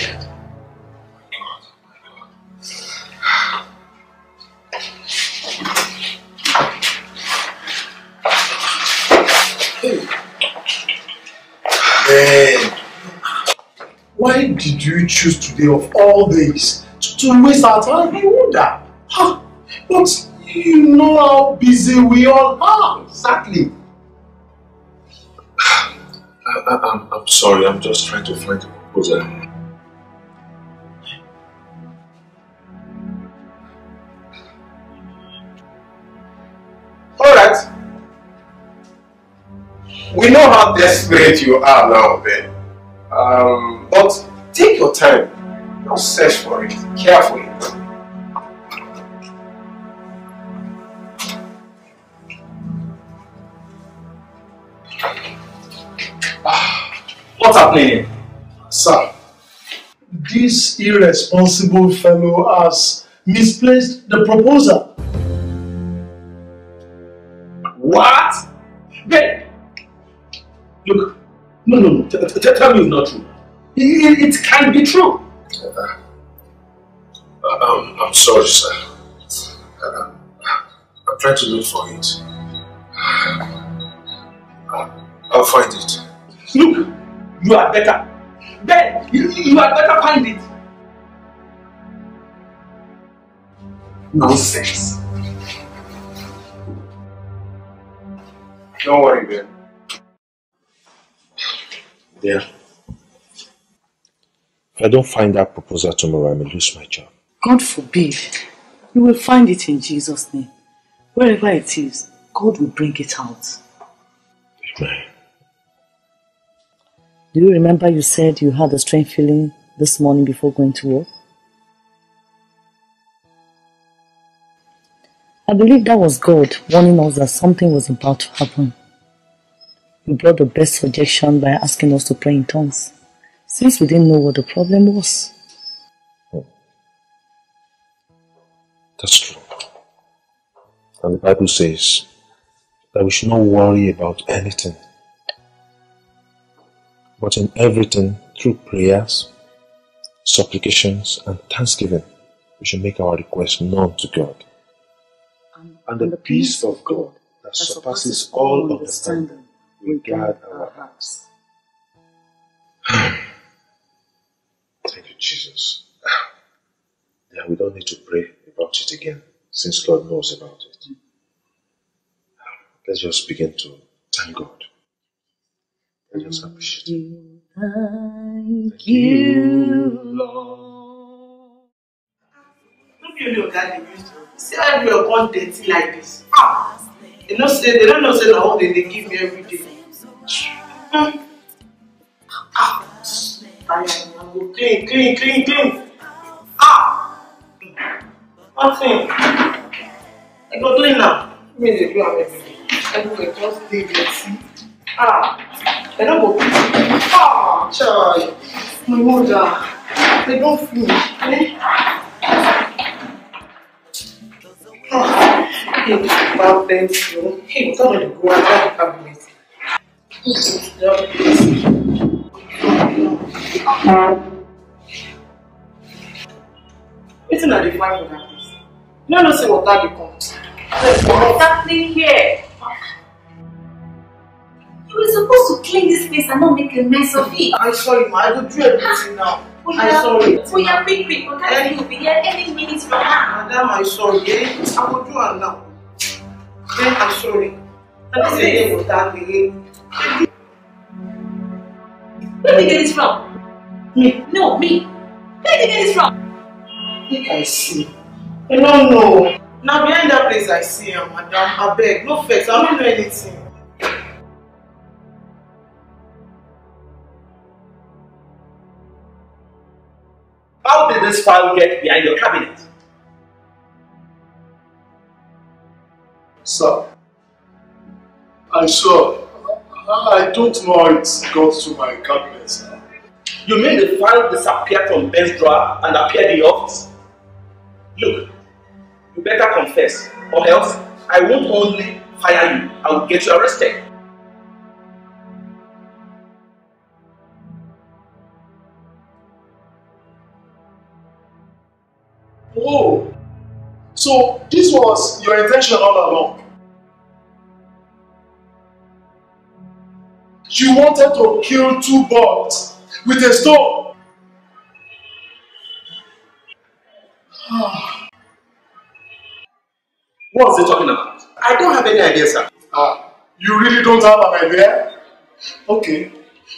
choose today of all days to, to waste our time? I wonder. Huh? But you know how busy we all are. Exactly. I, am sorry, I'm just trying to find a proposal. Alright. We know how desperate you are now, Ben. Um, but Take your time. Don't search for it. Care for it. What's happening here? Sir, this irresponsible fellow has misplaced the proposal. What? Ben, Look, no, no, no. tell me it's not true. It, it, it can be true. Uh, um, I'm sorry, sir. Uh, I'm trying to look for it. Uh, I'll find it. Look, you are better. Ben, you, you are better find it. Nonsense. Don't worry, Ben. Yeah. If I don't find that proposal tomorrow, I may lose my job. God forbid. You will find it in Jesus' name. Wherever it is, God will bring it out. Amen. Do you remember you said you had a strange feeling this morning before going to work? I believe that was God warning us that something was about to happen. He brought the best suggestion by asking us to pray in tongues since we didn't know what the problem was. Hmm. That's true. And the Bible says that we should not worry about anything, but in everything, through prayers, supplications, and thanksgiving, we should make our requests known to God. And, and the, the peace, of God that, that surpasses all understanding will guard our hearts. Jesus. yeah, we don't need to pray about it again, since Lord knows about it. Let's just begin to thank God. Let's just appreciate Him. Thank you, Lord. Look at your daddy used to see how we are born dirty like this. Ah, they don't say they don't know say the whole day they give me every day. Hmm. Ah. Clean, clean, clean, clean. Ah! Nothing. I go clean now. Me dey do am everything. Everywhere just dey dirty. Ah! They don't go Ah! Chai! My mother. They don finish. Eh? Ah! Hey, this is bad things, you know. Hey, what's up with the go out of the cabinet? This is not It's not the fine for that place? You no know say water dey come. Exactly here. You were supposed to clean this place and not make a mess of it. I'm sorry, ma. I will do everything now. Oh, I'm sorry. Oya, oh, quick, quick. Oga, eh? you be here any minute from now. Madam, I'm sorry. Eh? I will do it now. Then eh, I'm sorry. That is the name Where did you get this from? Me? No, me. Where did you get this from? I think I see. No, don't know. Now behind that place I see him, uh, madam. I beg, no face, I don't know anything. How did this file get behind your cabinet? Sir, I sure. I don't know how it got to my cabinet, sir. You mean the file disappeared from Ben's drawer and appeared in the office? Look, you better confess, or else I won't only fire you, I will get you arrested. Oh, so this was your intention all along. You wanted to kill two birds with a stone. What was he talking about? I don't have any idea, sir. Ah, you really don't have an idea? Okay.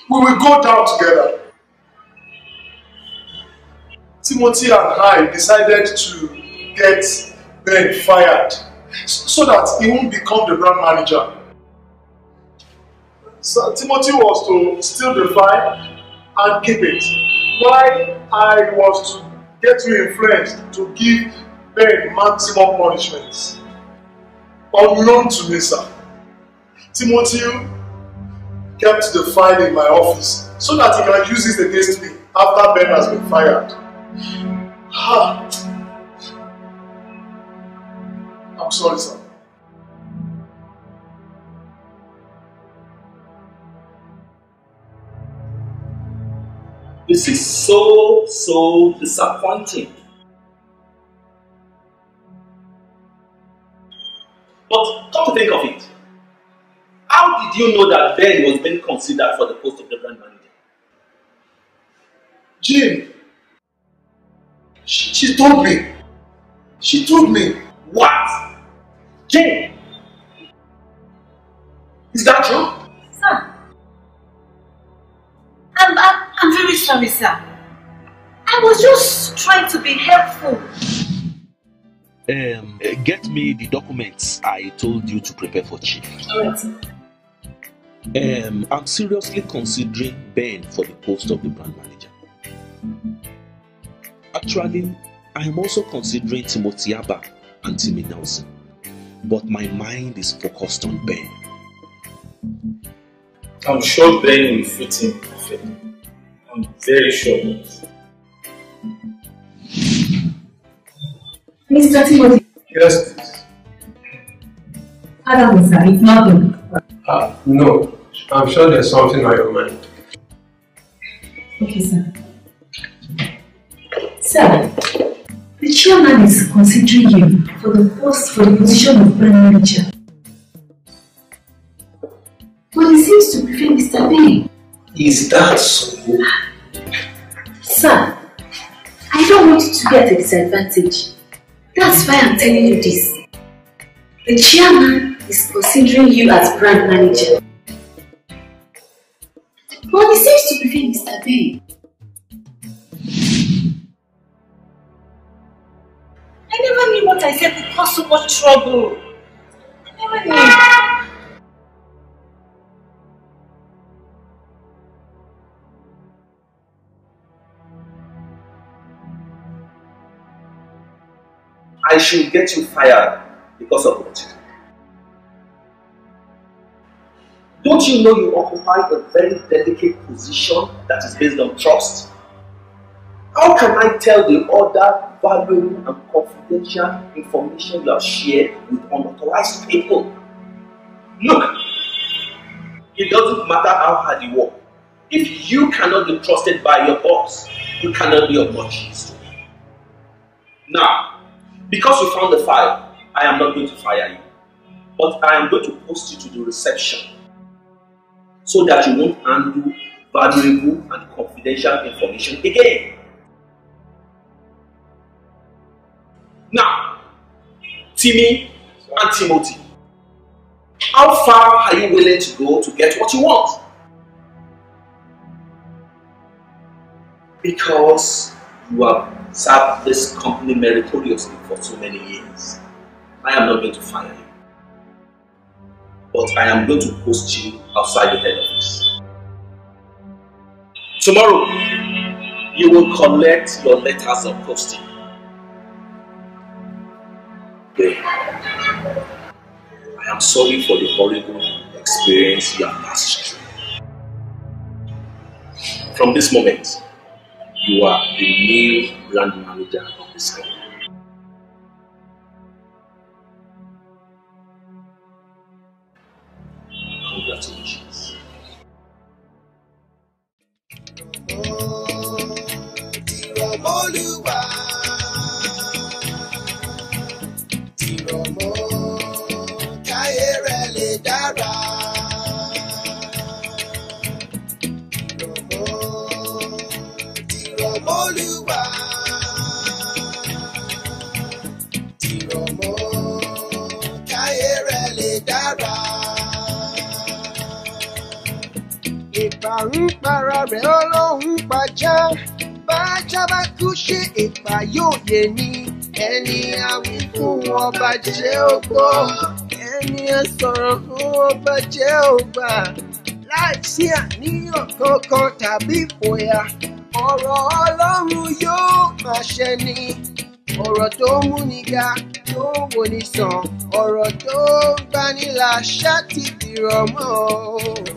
We will go down together. Timothy and I decided to get Ben fired so that he won't become the brand manager. So Timothy was to steal the fire and keep it. Why I was to get you influenced to give Ben maximum punishment. Unknown to me, sir. Timothy kept the file in my office so that he can use it against me after Ben has been fired. Ah. I'm sorry, sir. This is so, so disappointing. But come to think of it, how did you know that Ben was being considered for the post of the brand manager? Jim, she, she told me. She told me. What? Jim, is that true? I'm, I'm, I'm very sorry, sir. I was just trying to be helpful. Um, get me the documents I told you to prepare for Chief. Alright. Um, I'm seriously considering Ben for the post of the brand manager. Actually, I am also considering Timothy Abba and Timmy Nelson, but my mind is focused on Ben. I'm sure Ben will fit in perfectly. I'm very sure. Mr. Timothy. Yes, please. Adam is if nothing. Uh, ah, no, I'm sure there's something on your mind. Okay, sir. Sir, the chairman is considering you for the post for the position of prime manager. Is that so? Sir, I don't want you to get a disadvantage. That's why I'm telling you this. The chairman is considering you as brand manager. But he seems to prefer Mr. Bay. I never knew what I said would cause so much trouble. I never knew. I should get you fired because of did. Don't you know you occupy a very delicate position that is based on trust? How can I tell the other valuable and confidential information you have shared with unauthorized people? Look, it doesn't matter how hard you work. If you cannot be trusted by your boss, you cannot be a much to me. Now, because you found the file, I am not going to fire you. But I am going to post you to the reception so that you won't undo valuable and confidential information again. Now, Timmy and Timothy, how far are you willing to go to get what you want? Because you are served this company meritoriously for so many years. I am not going to fire you. But I am going to post you outside the head office. Tomorrow, you will collect your letters of posting. Okay. I am sorry for the horrible experience you have passed through. From this moment, you are the new brand manager of this company. Congratulations. Oh, àrùn para rẹ̀ ọlọ́run pàjá bájá bá kú ṣe ìpàyòyè ni ẹni àwìkún ọba jẹ́ ògbó ẹni ẹ̀sọ̀rọ̀ fún ọba jẹ́ ògbà láìsí àníyàn kankan tàbí ìfòyà ọ̀rọ̀ ọlọ́run yóò máa ni ọ̀rọ̀ tó múni ga tó wòni sàn ọ̀rọ̀ tó gbani là dìrọ̀ mọ́ ọ́.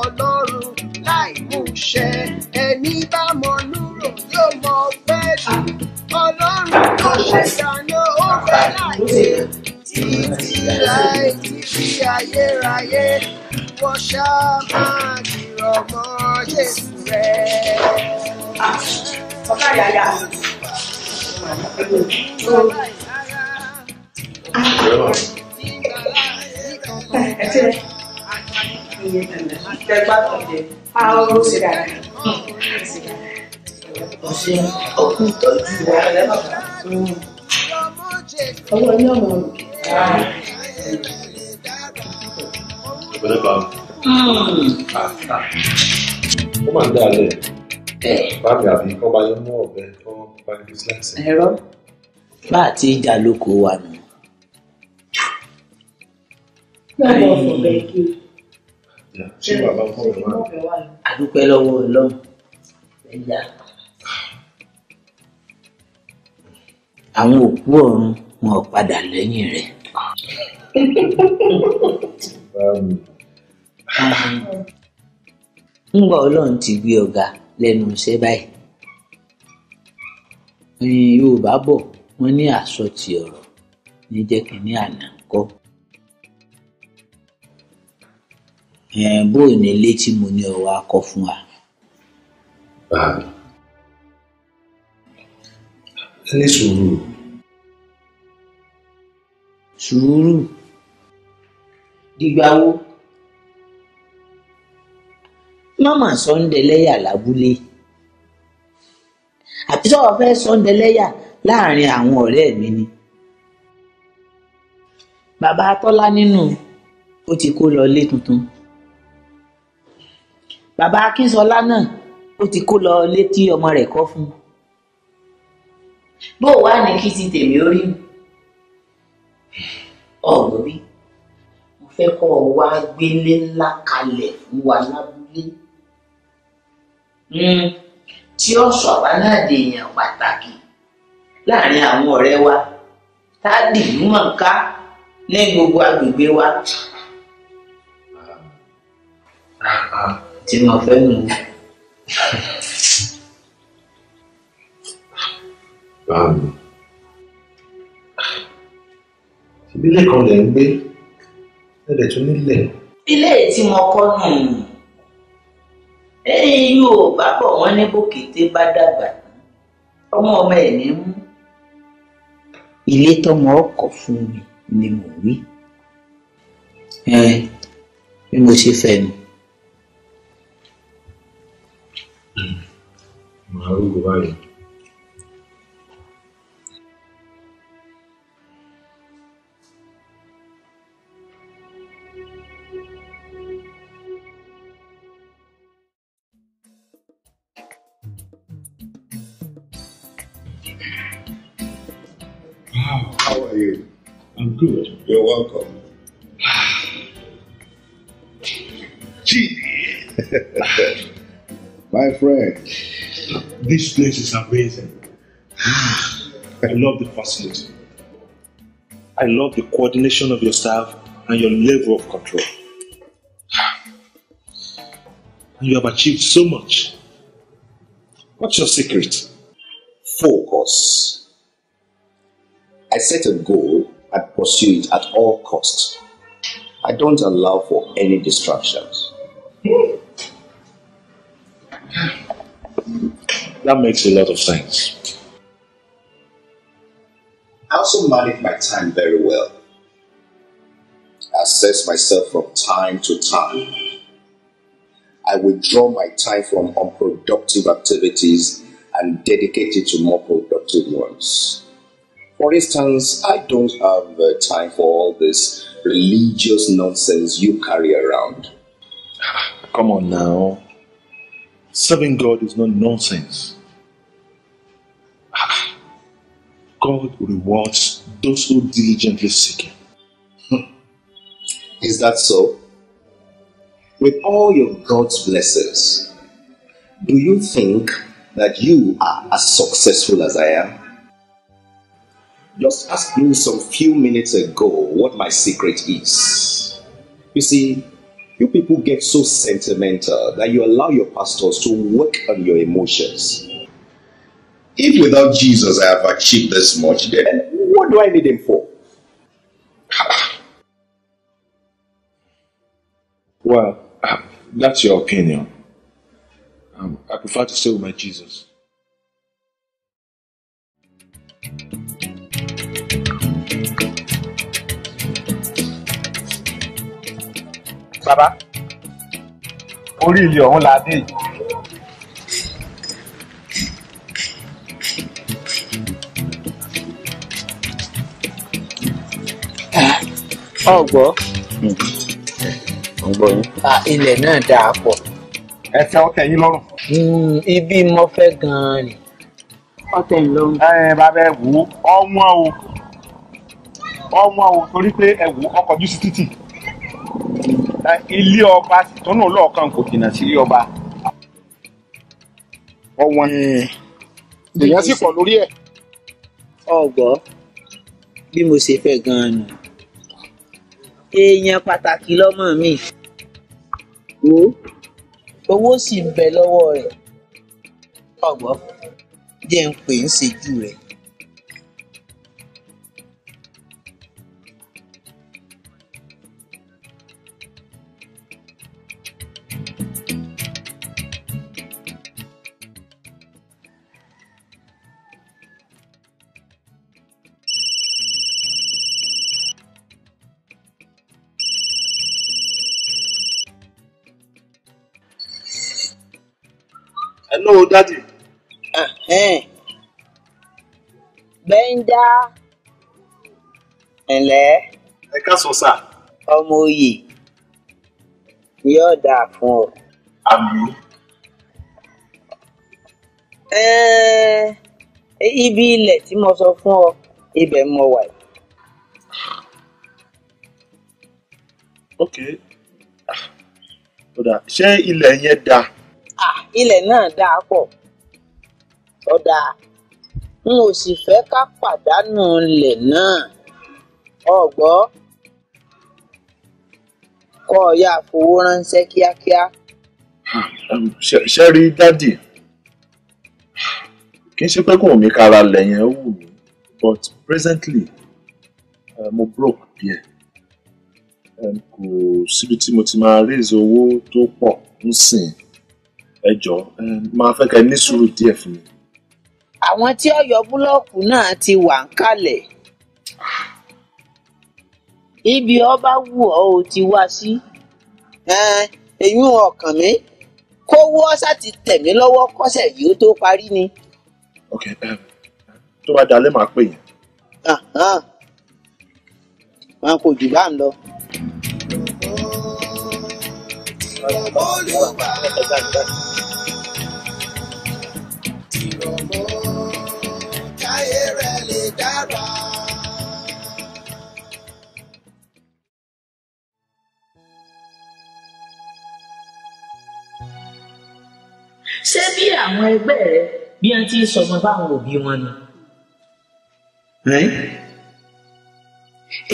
ọlọ́run láì mú ṣẹ ẹni bá mọ núrò yóò mọ pẹ́ jù ọlọ́run tó ṣe ìdáná ó fẹ́ láìsí títí láì títí ayérayé wọ́n ṣá máa dìrọ̀ mọ́ Jésù rẹ̀. ọ̀gá yàyà tẹgbàdùn jẹ a ó ṣe dáadáa ọ̀sẹ̀ ọkú ìtọ́jú wa ọwọ́ iná mọ̀ ọ́n. ọ̀pẹ̀lẹ̀ bá mi. ó máa ń dá alẹ́ báàbí àbí kọ́ bá yẹn mú ọ̀bẹ tó bá yẹn fi síláìsì. ẹ̀rọ bá a ti jà lóko wa nù. báyìí ọ̀fọ̀ bẹ́ẹ̀ kí o ṣé bàbá fún mi wá. àdúpẹ́ lọ́wọ́ ọlọ́run ẹ̀yà àwọn òkú ọ̀run wọn padà lẹ́yìn rẹ̀. ńgbà ọlọ́run ti gbé ọ̀gá lẹ́nu iṣẹ́ báyìí yorùbá bọ̀ wọ́n ní àsọtì ọ̀rọ̀ ní jẹ́ kínní àná bó o ní ilé tí mo ní ọ wá kọ́ fún wa. ní sùúrù. sùúrù dìgbàwo mọ́mọ́ sọ́ńdẹ̀lẹ́yà lábúlé àbí sọ́wọ́ fẹ́ sọ́ńdẹ̀lẹ́yà láàrin àwọn ọ̀rẹ́ mi ni bàbá Tọ́lá nínú ó ti kó lọ tuntun bàbá akínṣọlá náà ó ti kó lọ létí ọmọ rẹ̀ kọ́ fún un bó wà ní kí ti tèmi ó rí ọ̀gbọ́n mi mo fẹ́ kọ́ ọ wá gbélé ńlá kalẹ̀ fún wa lábúlé hmm, tí ó sọ̀rọ̀ náà dèèyàn pàtàkì láàrin àwọn ọ̀rẹ́ wa tá a dì í mọ̀ ká ní gbogbo agbègbè wa. Uh-huh tí mo fẹ́ nù. Báàmì, ìbílẹ̀ kan lẹ̀ ń gbé, ẹ̀rẹ̀ tún nílẹ̀. Ilé tí mo kọ́ nù, ẹ̀yìn yóò bá bọ̀ wọ́n ní bòkété bá dàgbà tán, ọmọ ọmọ ẹ̀ ní mú. Ilé tọmọ ọkọ̀ fún mi ni mò ń wí. Ẹ bí mo ṣe fẹ́ nù. Bye. This place is amazing. Ah, I love the facility. I love the coordination of your staff and your level of control. And ah, you have achieved so much. What's your secret? Focus. I set a goal and pursue it at all costs. I don't allow for any distractions. Hmm. That makes a lot of sense. I also manage my time very well. I assess myself from time to time. I withdraw my time from unproductive activities and dedicate it to more productive ones. For instance, I don't have uh, time for all this religious nonsense you carry around. Come on now. Serving God is not nonsense. God rewards those who diligently seek Him. Hmm. Is that so? With all your God's blessings, do you think that you are as successful as I am? Just ask me some few minutes ago what my secret is. You see, you people get so sentimental that you allow your pastors to work on your emotions If without Jesus I have achieved this much, then what do I need him for? well, um, that's your opinion. Um, I prefer to stay with my Jesus. Baba, orí ilé ọ̀hún la dé yìí. ọgbọ́ ọgbọ́ yín. ilẹ̀ náà dáa pọ̀. ẹsẹ̀ ọtẹ yín lọ́rùn. Hmm, ibi mo fẹ́ gan-an ni. ọtẹ yín lọ́rùn. ẹ bàbá ẹ wò ó ọwọ́n o ọwọ́n o torí pé ẹ wò ó kọjú sí títì ilé ọba tọ́nà lọ́ọ̀kan kò jìnnà sí ilé ọba ọwọ́n èèyàn sì pọ̀ lórí ẹ̀. ọgbọ́ bí mo ṣe fẹ́ gan-an nù èèyàn pàtàkì lọ́mọ mi wò owó sì ń bẹ lọ́wọ́ rẹ̀ ọ̀gbọ́n jẹ́ ń pè ń ṣèjú rẹ̀. hello daddy. gbẹ́ńdá ẹ̀lẹ́. ẹ káàsán sà. ọmọ òye yóò dáa fún ọ. àmín. ibi ilẹ̀ tí mo sọ fún ọ ibẹ̀ mo wà. ok ó dáa ṣé ilẹ̀ yẹn dáa ilẹ̀ náà dáa pọ̀ ọ̀dà n ò sì fẹ́ ká pàdánù ilẹ̀ náà ọ̀gbọ́ kọ́ ọ yá fowó ránṣẹ́ kíákíá. Hmm, um, ṣe rí dádì kì í ṣe pé kò mí kára lẹ́yìn ó wù mí but presently uh, mo broke díẹ̀ kò síbi tí mo ti máa raise owó tó pọ̀ ń sìn ẹ jọ̀ọ́ máa fẹ́ kẹ́ ní sùúrù díẹ̀ fún mi. àwọn tí ó yọ búlọ́ọ̀kù náà ti wà ń kalẹ̀ ibi ọba wù ọ́ ò ti wá sí èyí ọkàn mi kó wọ́ sáti tẹ̀ mí lọ́wọ́ kọ́sẹ̀ yìí ó tó parí ni. ok tó bá dalẹ́ màá pè yín. wọn kò jù bá ń lọ. Olúwa. Dìrọ̀ mọ́ káyé rẹ̀ lè dára. Ṣé bí àwọn ẹgbẹ́ rẹ bí wọ́n ti ń sọmọ báwọn òbí wọn ni?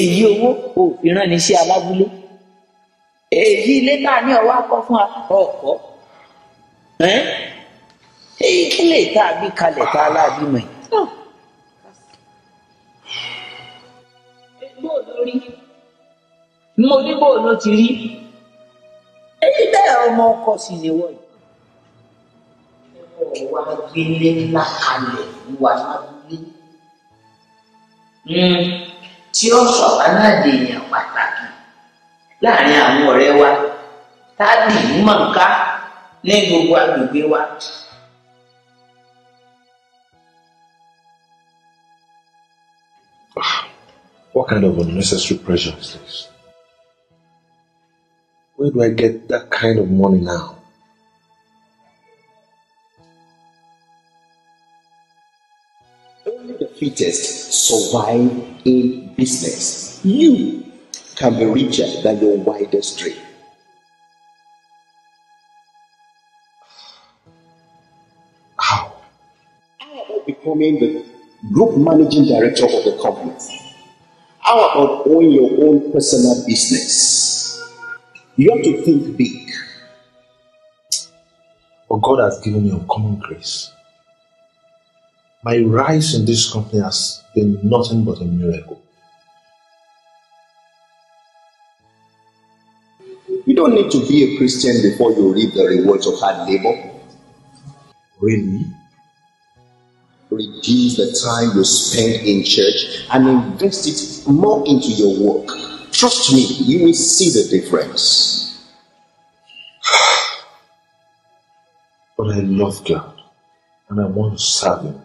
Èyí owó òfin rán ni sí alábúlé èyí lẹ́tà ní ọwọ́ akọ fún akọ ọ̀kọ́ èyí kí lè tá a bí kalẹ̀ tá a láàbí mọ̀ ẹ́. Ah. bó ló mo ní bó ló ti rí èyí bẹ́ẹ̀ ọmọ ọkọ sì ni wọ́n yìí. ọ̀rọ̀ wa gbélé ńlá kalẹ̀ wà lábúlé hmm. tí ó sọ̀rọ̀ náà dèèyàn láàrin àwọn ọ̀rẹ́ wa tá a ní gbogbo agbègbè wa. Ah, what kind of unnecessary pressure is this? Where do I get that kind of money now? Only the fittest survive in business. You can be richer than your wildest dream. How? How about becoming the group managing director of the company? How about owning your own personal business? You have to think big. But God has given me uncommon grace. My rise in this company has been nothing but a miracle. don't need to be a Christian before you reap the rewards of hard labor. Really? Reduce the time you spend in church and invest it more into your work. Trust me, you will see the difference. but I love God and I want to serve Him.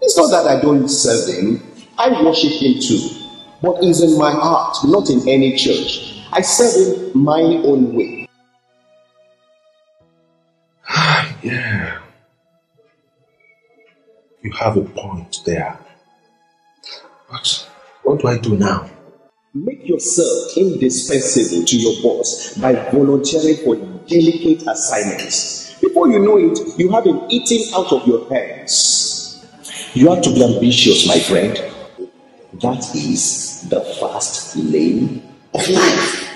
It's not that I don't serve Him, I worship Him too. But it's in my heart, not in any church. I said it my own way. yeah. You have a point there. But what do I do now? Make yourself indispensable to your boss by volunteering for delicate assignments. Before you know it, you have him eating out of your hands. You have to be ambitious, my friend. That is the fast lane of life.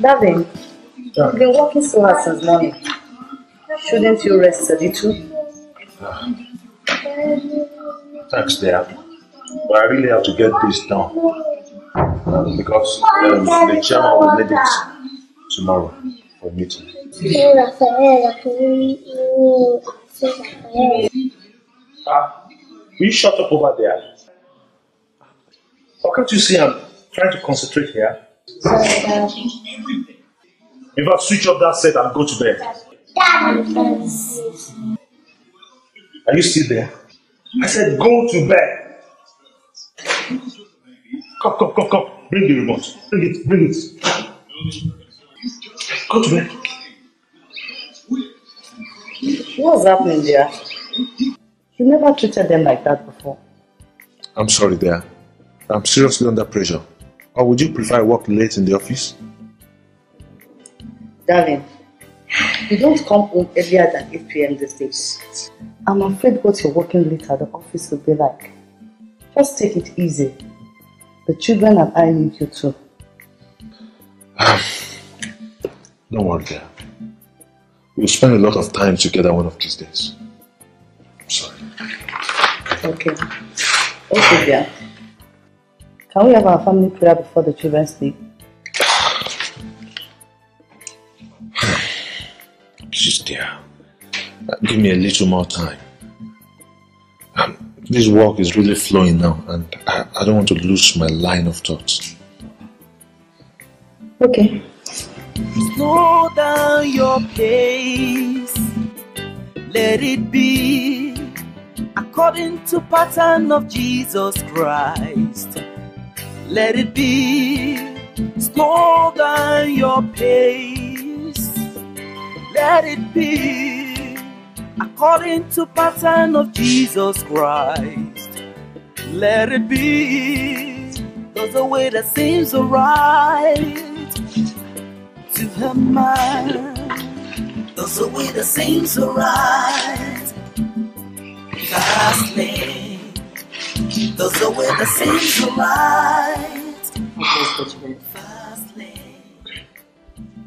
Darling, you've been working so hard since morning. Shouldn't you rest a little? thanks, dear. But I really have to get this done. because um, the chairman will need it. tomorrow for meeting. Ah, will you shut up over there? Or can't you see I'm trying to concentrate here? In fact, switch off that set and go to bed. Are you still there? I said, go to bed. Come, come, come, come. Bring the remote. Bring it, bring it. Go to bed. What's happening there? You never treated them like that before. I'm sorry, dear. I'm seriously under pressure. Or would you prefer I work late in the office? Darling, you don't come home earlier than 8 p.m. these days. I'm afraid what you're working late at the office will be like. Just take it easy. The children and I need you too. Don't worry, dear. We'll spend a lot of time together one of these days. I'm sorry. Okay. Okay, dear. Can we have our family prayer before the children sleep? Please, dear. Give me a little more time. Um, this work is really flowing now, and I, I don't want to lose my line of thought. Okay. Slow down your pace. Let it be according to pattern of Jesus Christ. Let it be. Slow down your pace. Let it be according to pattern of Jesus Christ. Let it be. There's a way that seems alright to her mind. Those are way that seems alright. Lastly, those are way the saints arise.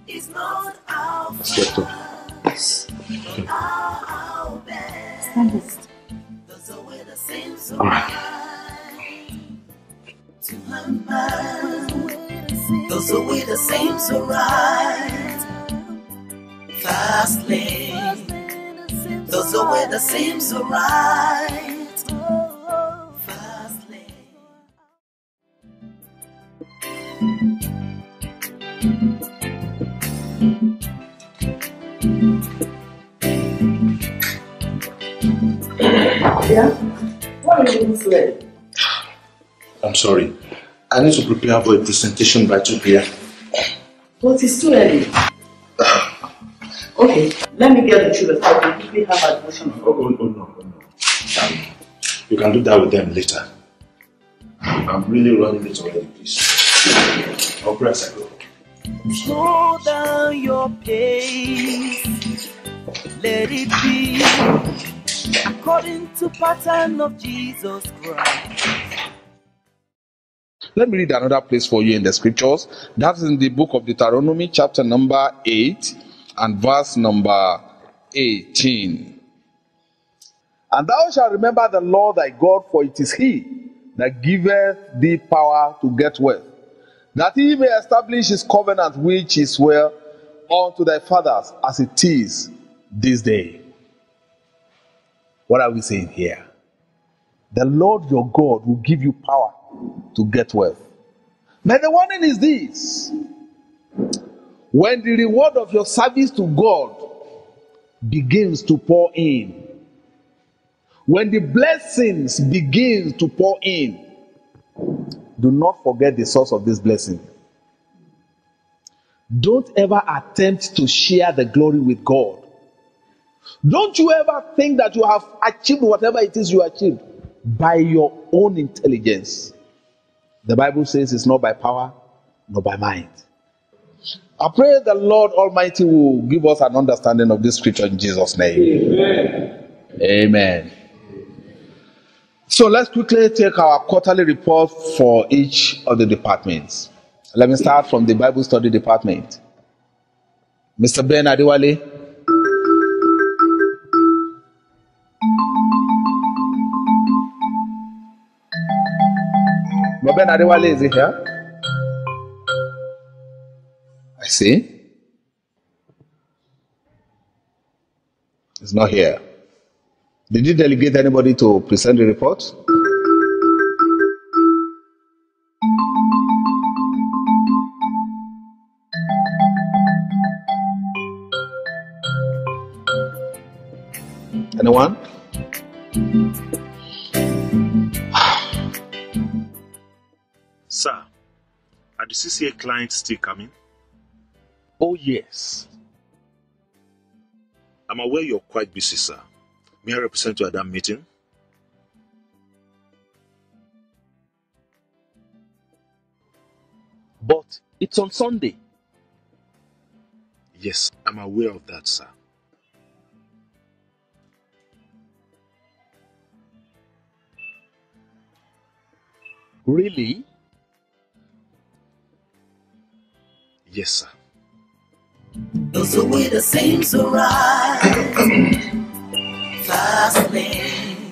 it's not our fault. Not Stand this. Those are way that seems alright. To her mind. Those who we the same so right. fastly. Those who we the same so right. Yeah? what are you late? I'm sorry. I need to prepare for a presentation by 2 p.m. But it's too early. okay, let me get the children so I quickly have admission. Oh, oh, oh, no, oh, no. Um, you can do that with them later. I'm really running late already, please. I'll press I go. Slow down your pace. Let it be according to pattern of Jesus Christ. Let me read another place for you in the scriptures. That's in the book of Deuteronomy, chapter number 8 and verse number 18. And thou shalt remember the Lord thy God, for it is he that giveth thee power to get wealth, that he may establish his covenant which is well unto thy fathers as it is this day. What are we saying here? The Lord your God will give you power to get wealth. But the warning is this when the reward of your service to God begins to pour in, when the blessings begin to pour in, do not forget the source of this blessing. Don't ever attempt to share the glory with God. Don't you ever think that you have achieved whatever it is you achieved by your own intelligence. The Bible says it's not by power nor by might. I pray the Lord Almighty will give us an understanding of this scripture in Jesus' name. Amen. Amen. So let's quickly take our quarterly report for each of the departments. Let me start from the Bible study department. Mr. Ben Adiwale, Robin Adewale is here. I see. It's not here. Did you delegate anybody to present the report? Anyone? Sir, are the CCA clients still coming? Oh, yes. I'm aware you're quite busy, sir. May I represent you at that meeting? But it's on Sunday. Yes, I'm aware of that, sir. Really? Yes, sir. Those who with the same to rise, lane.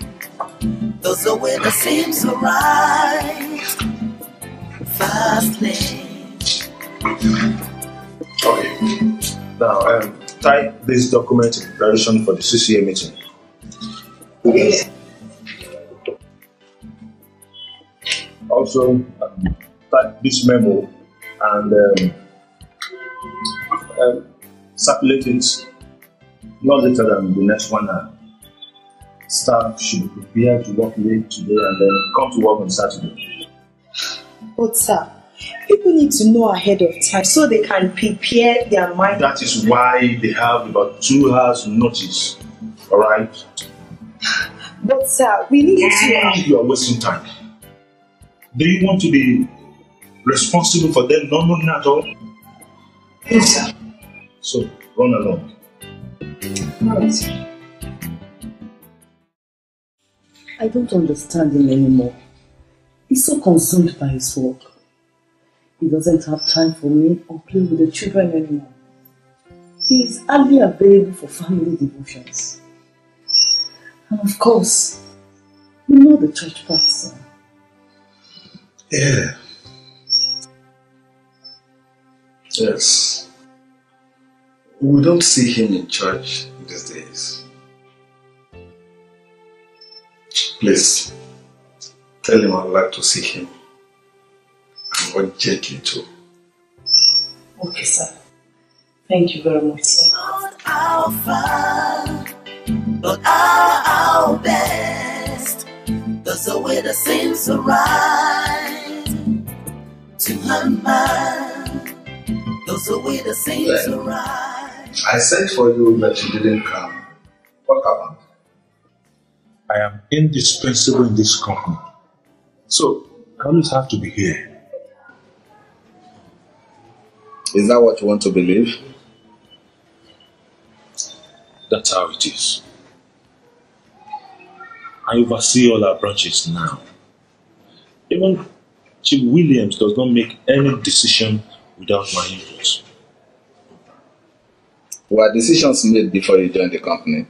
Those who with the same to rise, lane. Okay. Now, um, type this document in preparation for the CCA meeting. Yes. Also, um, type this memo and. Um, um, not later than the next one hour. Staff should be prepared to work late today and then come to work on Saturday. But sir, people need to know ahead of time so they can prepare their mind. That is why they have about two hours notice. All right. But sir, we need to. You are wasting time. Do you want to be responsible for them? No, no, at all. Yes, sir. So run along. All right, I don't understand him anymore. He's so consumed by his work. He doesn't have time for me or play with the children anymore. He is hardly available for family devotions. And of course, you know the church pastor. Yeah. Yes. We don't see him in church these days. Please, tell him I'd like to see him. I And urgently too. Okay, sir. Thank you very much, sir. Not our funk, but our, our best. That's the way that seems right to my mind. Those I sent for you, but you didn't come. What happened? I am indispensable in this company. So, I always have to be here. Is that what you want to believe? That's how it is. I oversee all our branches now. Even Chief Williams does not make any decision without my input. Were decisions made before you joined the company?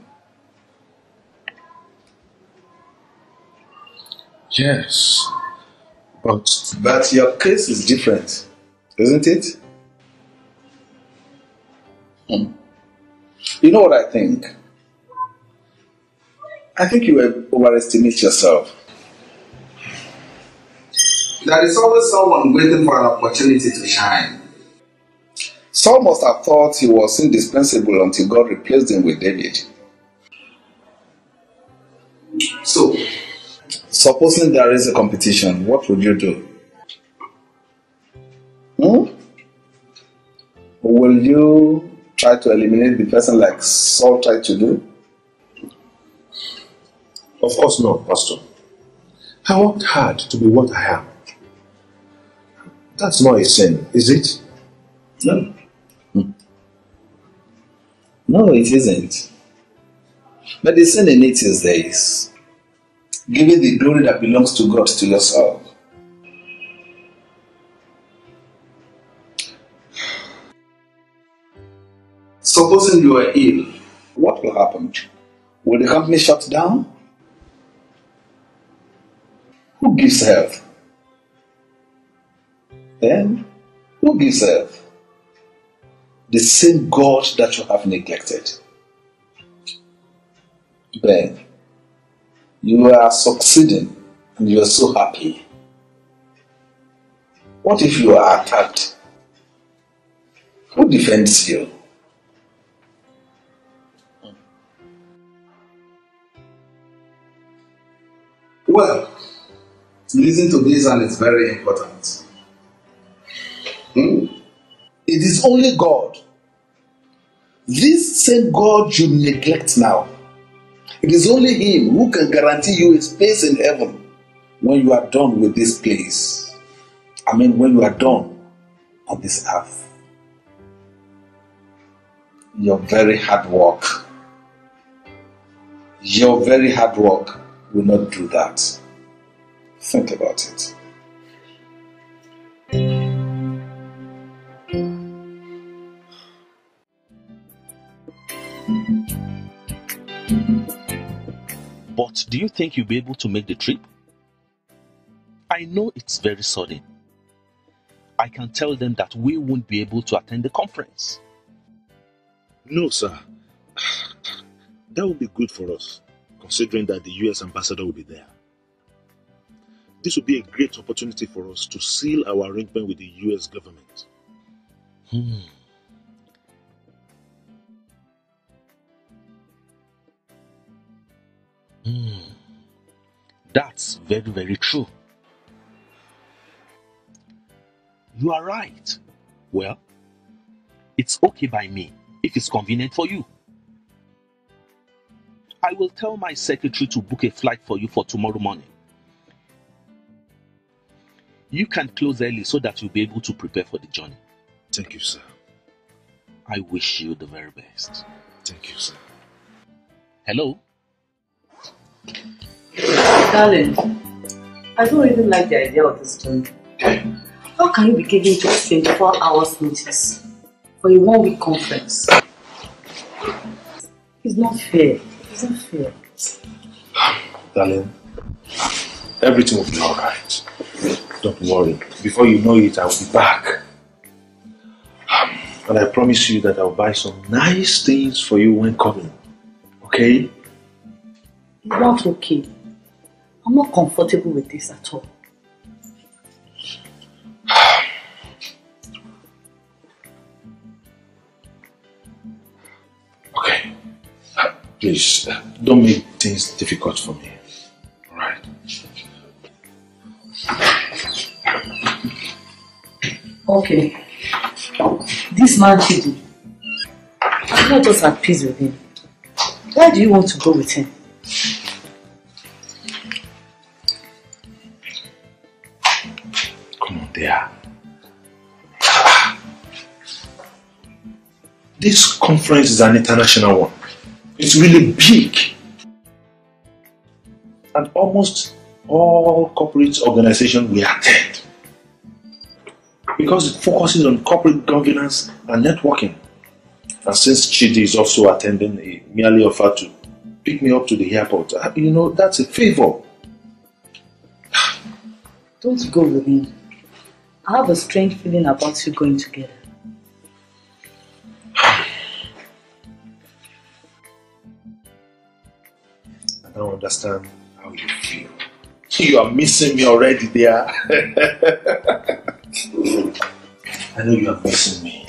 Yes, but... But your case is different, isn't it? Hmm. You know what I think? I think you overestimate yourself. There is always someone waiting for an opportunity to shine. Saul must have thought he was indispensable until God replaced him with David. So, supposing there is a competition, what would you do? Hmm? Will you try to eliminate the person like Saul tried to do? Of course not, Pastor. I worked hard to be what I am. That's not a sin, is it? No. No, it isn't. But the sin in it is this giving the glory that belongs to God to yourself. Supposing you are ill, what will happen? Will the company shut down? Who gives health? Then, who gives health? the same God that you have neglected. Then you are succeeding and you are so happy. What if you are attacked? Who defends you? Well, listen to this, and it's very important. Hmm? It is only God. This same God you neglect now. It is only Him who can guarantee you a space in heaven when you are done with this place. I mean, when you are done on this earth. Your very hard work, your very hard work will not do that. Think about it. do you think you'll be able to make the trip? I know it's very sudden. I can tell them that we won't be able to attend the conference. No, sir. That would be good for us, considering that the US ambassador will be there. This would be a great opportunity for us to seal our arrangement with the US government. Hmm. Mm, that's very, very true. You are right. Well, it's okay by me if it's convenient for you. I will tell my secretary to book a flight for you for tomorrow morning. You can close early so that you'll be able to prepare for the journey. Thank you, sir. I wish you the very best. Thank you, sir. Hello? Darling, I don't even like the idea of this job. How can you be giving just 24 hours notice for a one week conference? It's not fair. It's not fair. Darling, everything will be alright. Don't worry. Before you know it, I'll be back. Um, and I promise you that I'll buy some nice things for you when coming. Okay? not okay. I'm not comfortable with this at all. okay. Please, don't make things difficult for me. Alright? Okay. This man be. I'm not just at peace with him. Why do you want to go with him? This conference is an international one. It's really big. And almost all corporate organizations will attend because it focuses on corporate governance and networking. And since Chidi is also attending, he merely offered to pick me up to the airport. Ah, you know, that's a favor. Don't go with me. I have a strange feeling about you going together. I don't understand how you feel. You are missing me already there. I know you are missing me.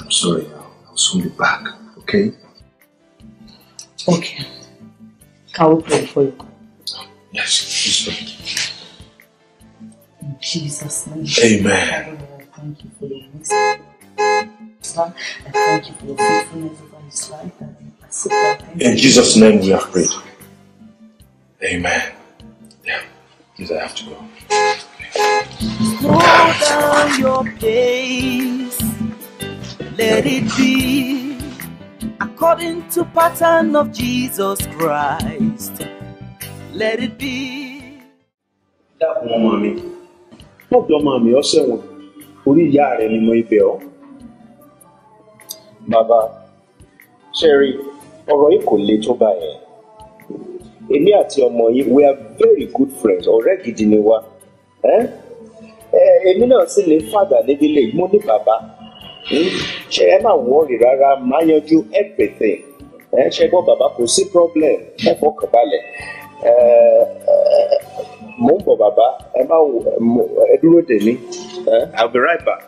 I'm sorry, I'll, soon be back, okay? Okay. I will pray for you. Yes, please pray. In Jesus' name. Amen. Thank you for your I thank you for your faithfulness his life and accept In Jesus' name we have prayed. Amen. Yeah, please, I have to go. Slow down your pace. Let it be according to pattern of Jesus Christ. Let it be. That ọmọ mi, lọ́dọ̀ ọmọ mi ọ̀sẹ̀ wọn, orí ìyá rẹ̀ ni mo ibẹ̀ ọ́. Bàbá. ṣẹ́rí ọ̀rọ̀ yìí kò le tó báyẹn èmi àti ọmọ yìí we are very good friends ọ̀rẹ́ gidi ni wa èmi náà sì ní fàdà nídìílé mo ní bàbá hmm? ṣe ẹ má wọrí rárá má yanjú everything ẹ ṣe gbọ́ bàbá kò sí problem ẹ fọkàn balẹ̀ mo ń bọ̀ bàbá ẹ má ẹ dúró dè mí I'll be right back.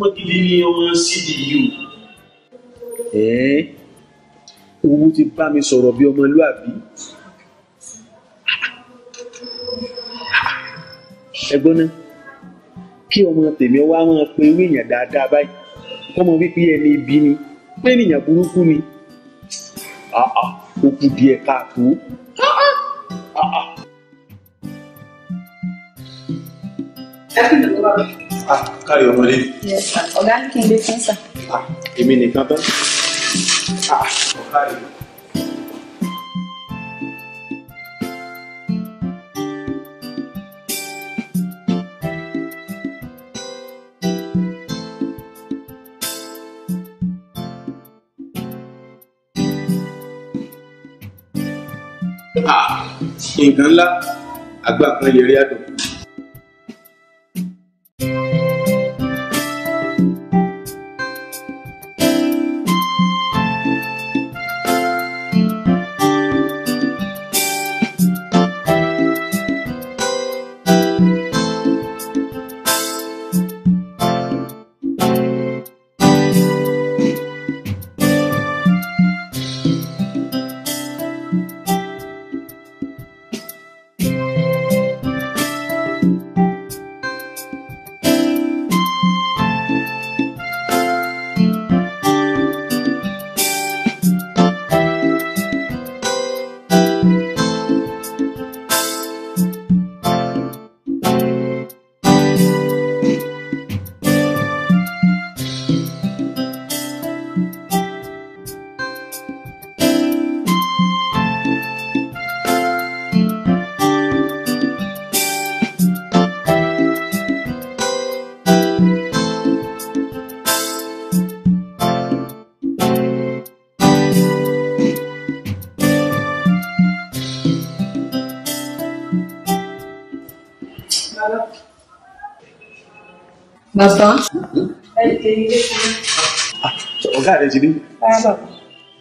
mọ́kìlélọ́mọ cdu. ẹ̀ẹ́ owó ti bá mi sọ̀rọ̀ bí ọmọlúàbí. ẹgbọ́n náà kí ọmọ tèmi wá máa pe irú èèyàn dáadáa báyìí kọ́mọ wípé ẹni ibi ni pé ènìyàn burúkú ni ó kù díẹ̀ Ah ah. you ah kárí ọmọdé. ọ̀gá ní kí n gbé fún sà. ah èmi nìkan tán. ah ọ̀gá Ah, nǹkan ńlá àgbà kan lè rí àdùn. Understand? ọ̀gá rẹ̀ ti dé. ń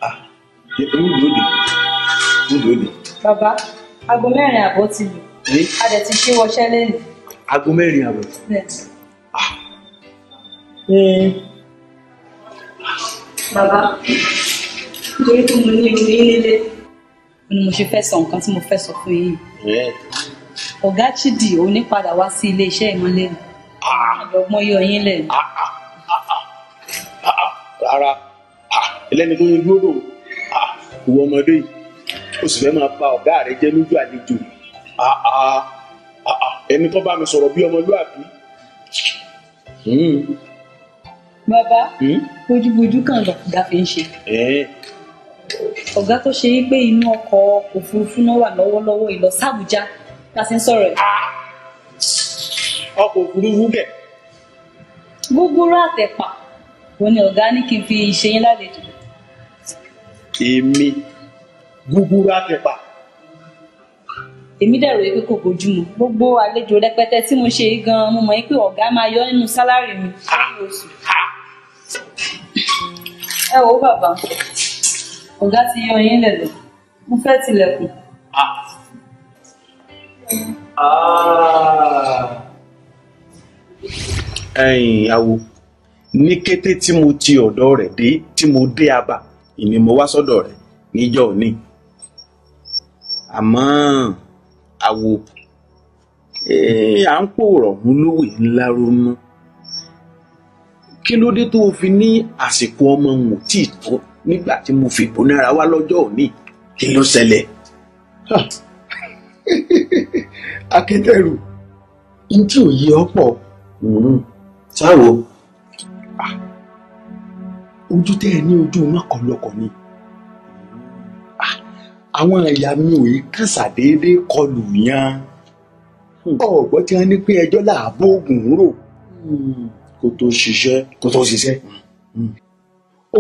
ah, dúró de ń dúró de. bàbá aago mẹ́rin àbọ̀ ti lù a dẹ̀ ti ṣí wọṣẹ́ lẹ́nu. aago mẹ́rin àbọ̀. Ah. bàbá nítorí pé mo ní orí nílé ni mo ṣe fẹ́ sọ nǹkan tí mo fẹ́ sọ fún yín. ọ̀gá Chidi onípadà wá sí ilé iṣẹ́ ìmọ̀lẹ́nu àdọ́gbọ́n yọ yín lẹ̀. Ah, ah, ah, rárá ẹlẹ́ni tó ń dúró lòun ìwọ ọmọdé yìí ó sì fẹ́ máa pa ọ̀gá rẹ jẹ́ lójú àlejò ẹni tó bá mi sọ̀rọ̀ bí ọmọlúàbí. Hmm. bàbá bójúbójú hmm? kan lọ̀gá fi ń ṣe. ọ̀gá tó ṣe wípé inú ọkọ̀ òfurufú náà wà lọ́wọ́lọ́wọ́ ìlọsàbújá la ti ń sọ̀rọ̀ yìí ọkọ̀ òfurufú bẹ̀. gúgúrú àtẹ̀pà òun ni ọ̀gá ní kí n fi ṣe yín lálejò. èmi gúgúrú àtẹ̀pà. èmi dẹ̀rọ pé kò bójú mu gbogbo àlejò rẹpẹtẹ tí mo ṣe gan-an mo mọ̀ pé ọ̀gá máa yọ nínú sálárì mi lórí oṣù. ẹ wo bàbá ọ̀gá ti yan yín lẹ̀ mo fẹ́ tilẹ̀kùn. Ah. Ah ẹ̀yin awo ní kété tí mo ti ọ̀dọ̀ rẹ̀ dé tí mo dé aba ìní mo wá sọ́dọ̀ rẹ̀ níjọ́ òní àmọ́ awo eh, à ń pòrọ̀ mú lówè ńlá ronú kí ló dé tó o fi ní àsìkò ọmọ n ò tí ì tó nígbà tí mo fi ìbónára wá lọ́jọ́ òní kí ló ṣẹlẹ̀. akẹ́tẹ̀rù ntí ò yí ọ pọ̀ Mm-hmm. ṣáwo. Ah. ojú tẹ́ ẹ ní ojú mọ́kànlọ́kọ̀ ni ah. àwọn ẹ̀yà mi ò yí kàn ṣàdédé kọlù yan hmm. ọ̀gbọ́n tí wọ́n ní pé ẹjọ́ làbó oògùn rò hmm. kó tó ṣiṣẹ́ kó tó ṣiṣẹ́ hmm.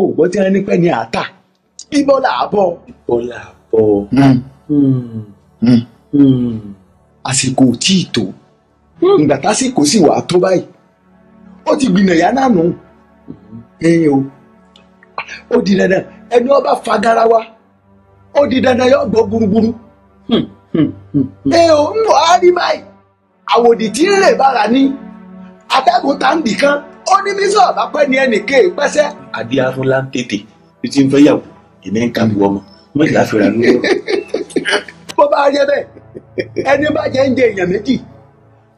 ọ̀gbọ́n tí wọ́n ní pé ní àtà ibọ́ làbọ̀ ibọ́ làbọ̀ àsìkò tí ì tó. Hmm. ìgbà tásìkò sì wà tó báyìí ó ti gbìnàyà náà nù ẹ̀yin o ó di dandan ẹni ọba fagarawa ó di dandan yóò gbọ́ gburugburu hmm, hmm, ẹ o ń wọ àárín báyìí àwòdì tí ń rè bára ní atẹ́gùn tàǹdì kan ó ní mísọ̀ àbápẹ́ ni ẹnì kéè pẹ́sẹ́. adé afúnlá ń tètè bí tí ń fẹ́ yàwó èmi ń kàwé ọmọ mọ́tò láfẹ́ra ló lọ. bó bá rí bẹ́ẹ̀ ẹni bá jẹ́ ń jẹ èèyàn méjì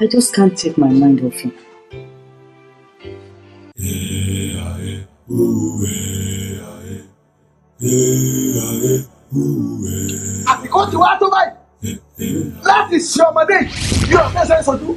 I just can't take my mind off him. àsìkò tí wàá tó báyìí láti ṣe ọmọdé yóò fẹsẹ̀ sọ̀tún.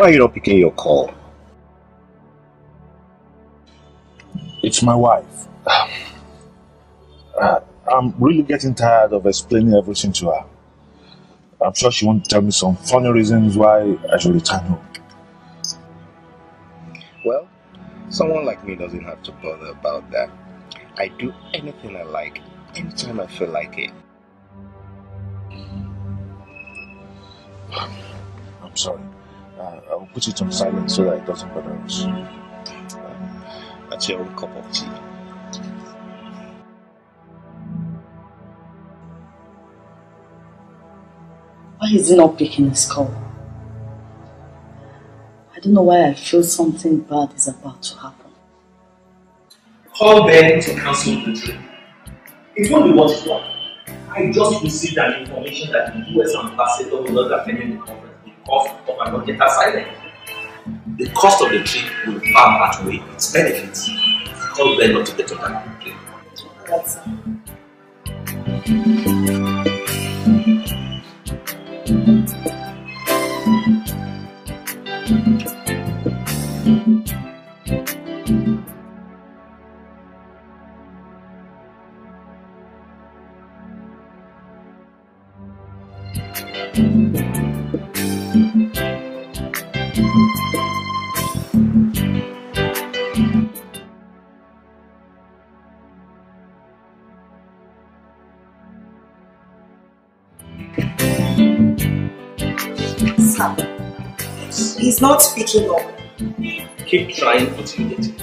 Why you not picking your call? It's my wife. Uh, I'm really getting tired of explaining everything to her. I'm sure she won't tell me some funny reasons why I should return home. Well, someone like me doesn't have to bother about that. I do anything I like, anytime I feel like it. I'm sorry uh, I'll put it on silent so that it doesn't bother us. Um, that's your own cup of tea. Why is he not picking his call? I don't know why I feel something bad is about to happen. Call Ben to cancel the trip. It won't be what you want. I just received an information that the US ambassador will not attend the conference of, of an object's silence. The cost of the trip will far outweigh its benefits. Call them not to get on that plane. That's It's not speaking up. Keep trying until you get it.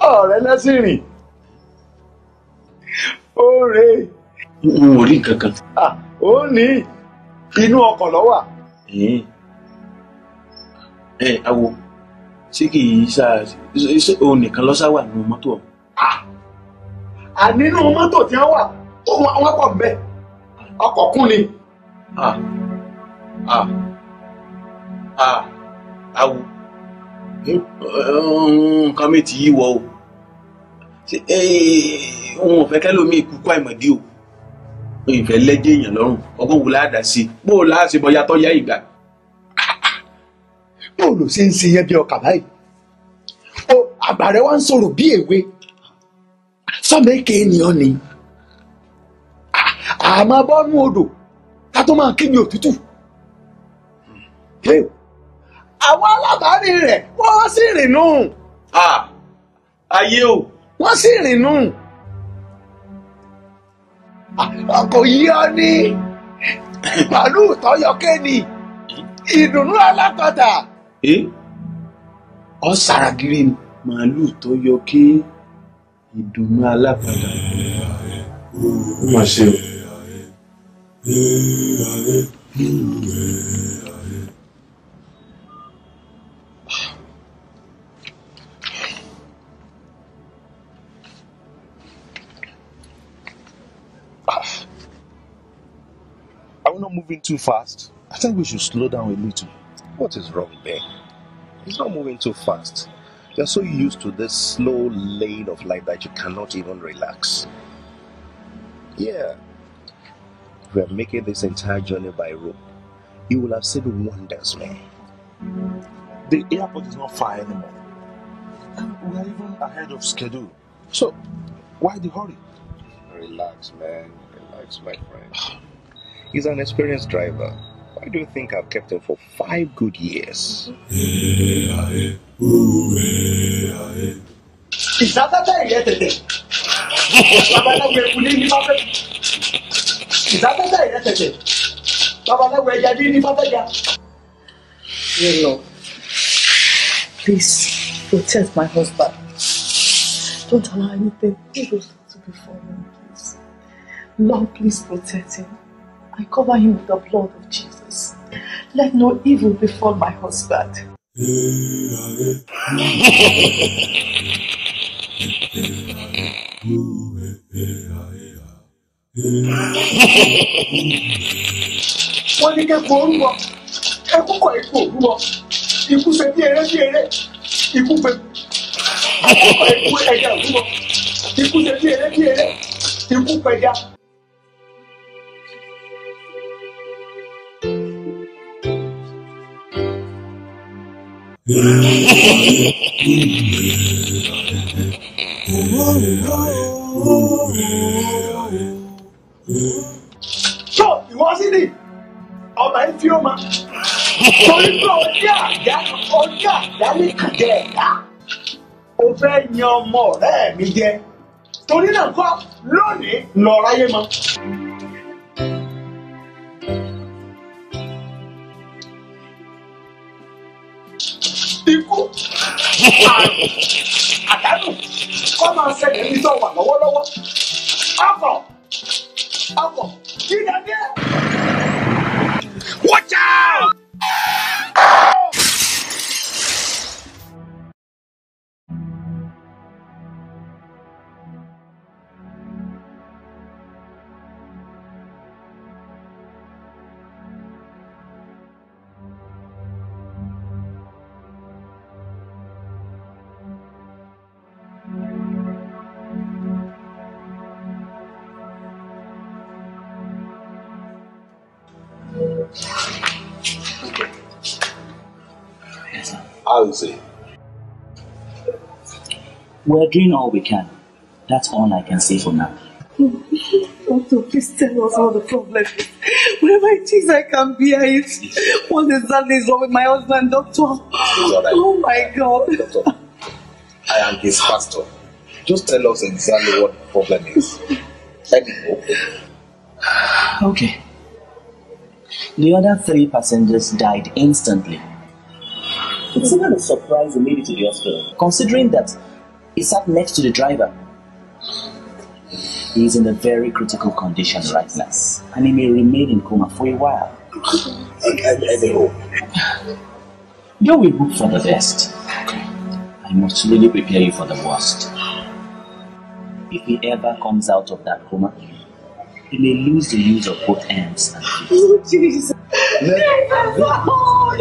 Oh, Násírì ó re n ò rí kankan. ó ní inú ọkọ̀ ló ẹ awo ṣé kì í ṣá ṣé òun nìkan lọ́sà wà nínú mọ́tò ọ̀hún. à nínú mọ́tò tí wọ́n wà tó wọ́n pọ̀ bẹ́ẹ̀ ọkọ̀ kún ni. awo nǹkan mi ti yí wọ o òun ò fẹ́ kẹ́lómi kúkú àìmọ̀dí o òun ìfẹ́ lẹ́jẹ̀ èèyàn lọ́rùn ọgbọ́n wo láàdá sí i bó o láàṣẹ bọ́yá tó yá ìgbà bó ló ṣe ń ṣe yẹn bí ọkà báyìí o àgbà rẹ wá ń sọ̀rọ̀ bí èwe sọmọ ènìyàn ni àmọ́ bọ́nú odò ká tó máa kí ni òtútù àwọn alábàárìn rẹ̀ wọ́n sì rìnnú. ayé o. wọ́n sì rìnnú. ọkọ̀ yìí ọ ní màálù tọ́yọ̀kẹ́ ni ìdùnnú alápàtà ọ sàràgìrì ni màálù tó yọ kí ìdùnnú alápàdà ó ṣe o. I will not move in too fast. I think we should slow down a little. What is wrong there? He's not moving too fast. You're so used to this slow lane of life that you cannot even relax. Yeah. We are making this entire journey by road. You will have seen wonders, man. The airport is not far anymore. And we are even ahead of schedule. So, why the hurry? Relax, man. Relax, my friend. He's an experienced driver. I do think I've kept him for five good years. Is Is that that yet yet today? today? Your Lord, please protect my husband. Don't allow anything evil to befall him, please. Lord, please protect him. I cover him with the blood of Jesus. Let no evil befall my husband. wọ́n ní kẹ́kọ̀ọ́ orúkọ ẹkúkọ̀ ikú òwúrọ̀ ikú bí eré bí eré ikú ẹkúkọ̀ ikú ẹja òwúrọ̀ ikú bí eré bí eré ikú pẹja. so ìwọ sí it? ọmọ ẹ fi ó ma torí pé ọjà àdá ọjà àdá ní kàdé ẹ̀dá o fẹ́ yan ọmọ ọ̀rẹ́ mi jẹ torí náà kọ́ lónìí lọ́ọ́ ráyé mọ́. ikú àdánù kọ́ máa ṣẹlẹ̀ ní tó wà lọ́wọ́lọ́wọ́ ọkọ̀ ọkọ̀ kí ni a dé. watch out. We're doing all we can. That's all I can say for now. Also, please tell us what the problem is. Whatever it is, I can bear it. What exactly is wrong with my husband, doctor? Right. Oh my God. Doctor, I am his pastor. Just tell us exactly what the problem is. Let me know. Okay. The other three passengers died instantly. It's even a surprise immediately made to the hospital, considering that he sat next to the driver. He is in a very critical condition right now, and he may remain in coma for a while. I'm Though we hope for the best, I must really prepare you for the worst. If he ever comes out of that coma, he may lose the use of both hands and feet. Oh, Jesus! Oh,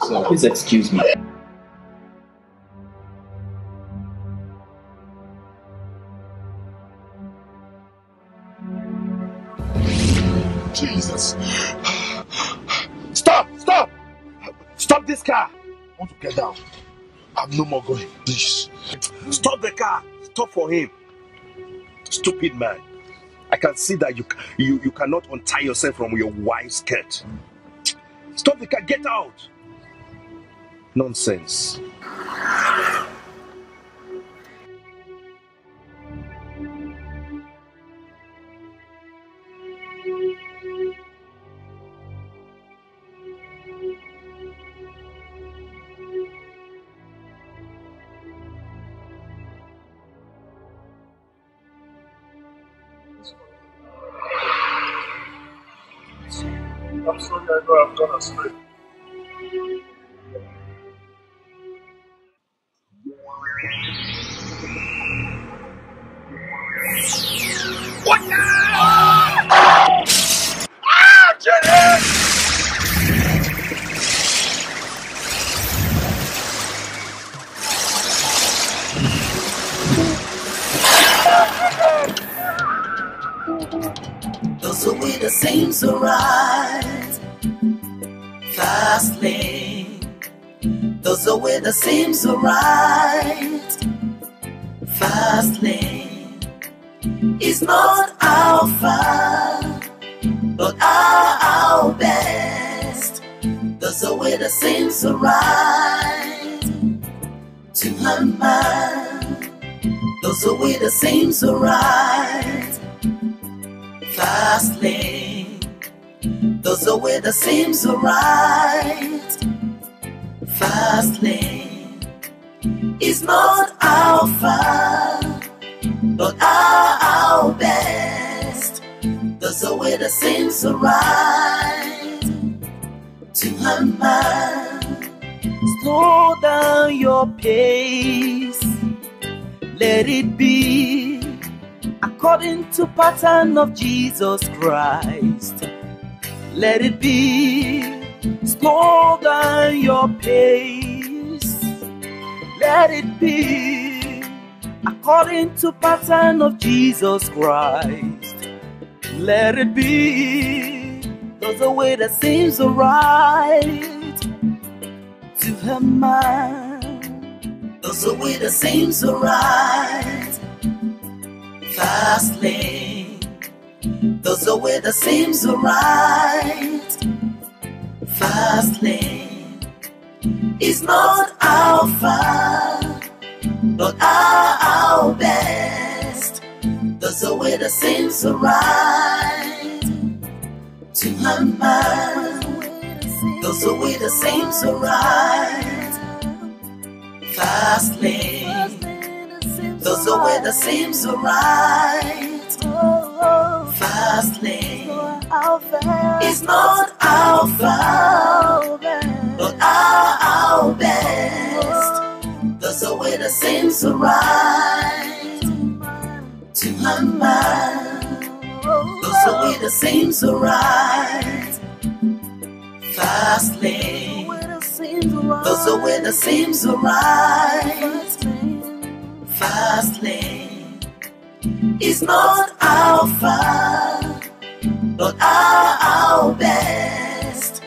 Doctor! Please excuse me. Jesus. Stop! Stop! Stop this car! I want to get down. I'm no more going. Please. Stop the car! Stop for him. Stupid man. I can see that you, you, you cannot untie yourself from your wife's skirt. Stop the car, get out! Nonsense. i sorry I know I've gone astray. things right. Fast link, there's a way that seems right. Fast link is not fault, but our, our best. There's a way that seems right to her mind. Slow down your pace let it be according to pattern of Jesus Christ. Let it be slow down your pace. Let it be according to pattern of Jesus Christ. Let it be there's a way that seems alright to her mind. There's a way that seems alright fast link. Though the seams seems right. fast link is not our fault, not our, our best. Though the seams seems right to my mind, though the weather seems alright, fast link. Though the weather seems alright, fast lane is not our fault, but our, our best. Though the weather seems alright to my mind, though the weather seems alright, fast lane. Though the weather seems alright fast lane is not fault, but our, our best.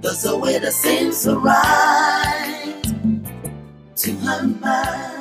There's a way that seems so right to her mind.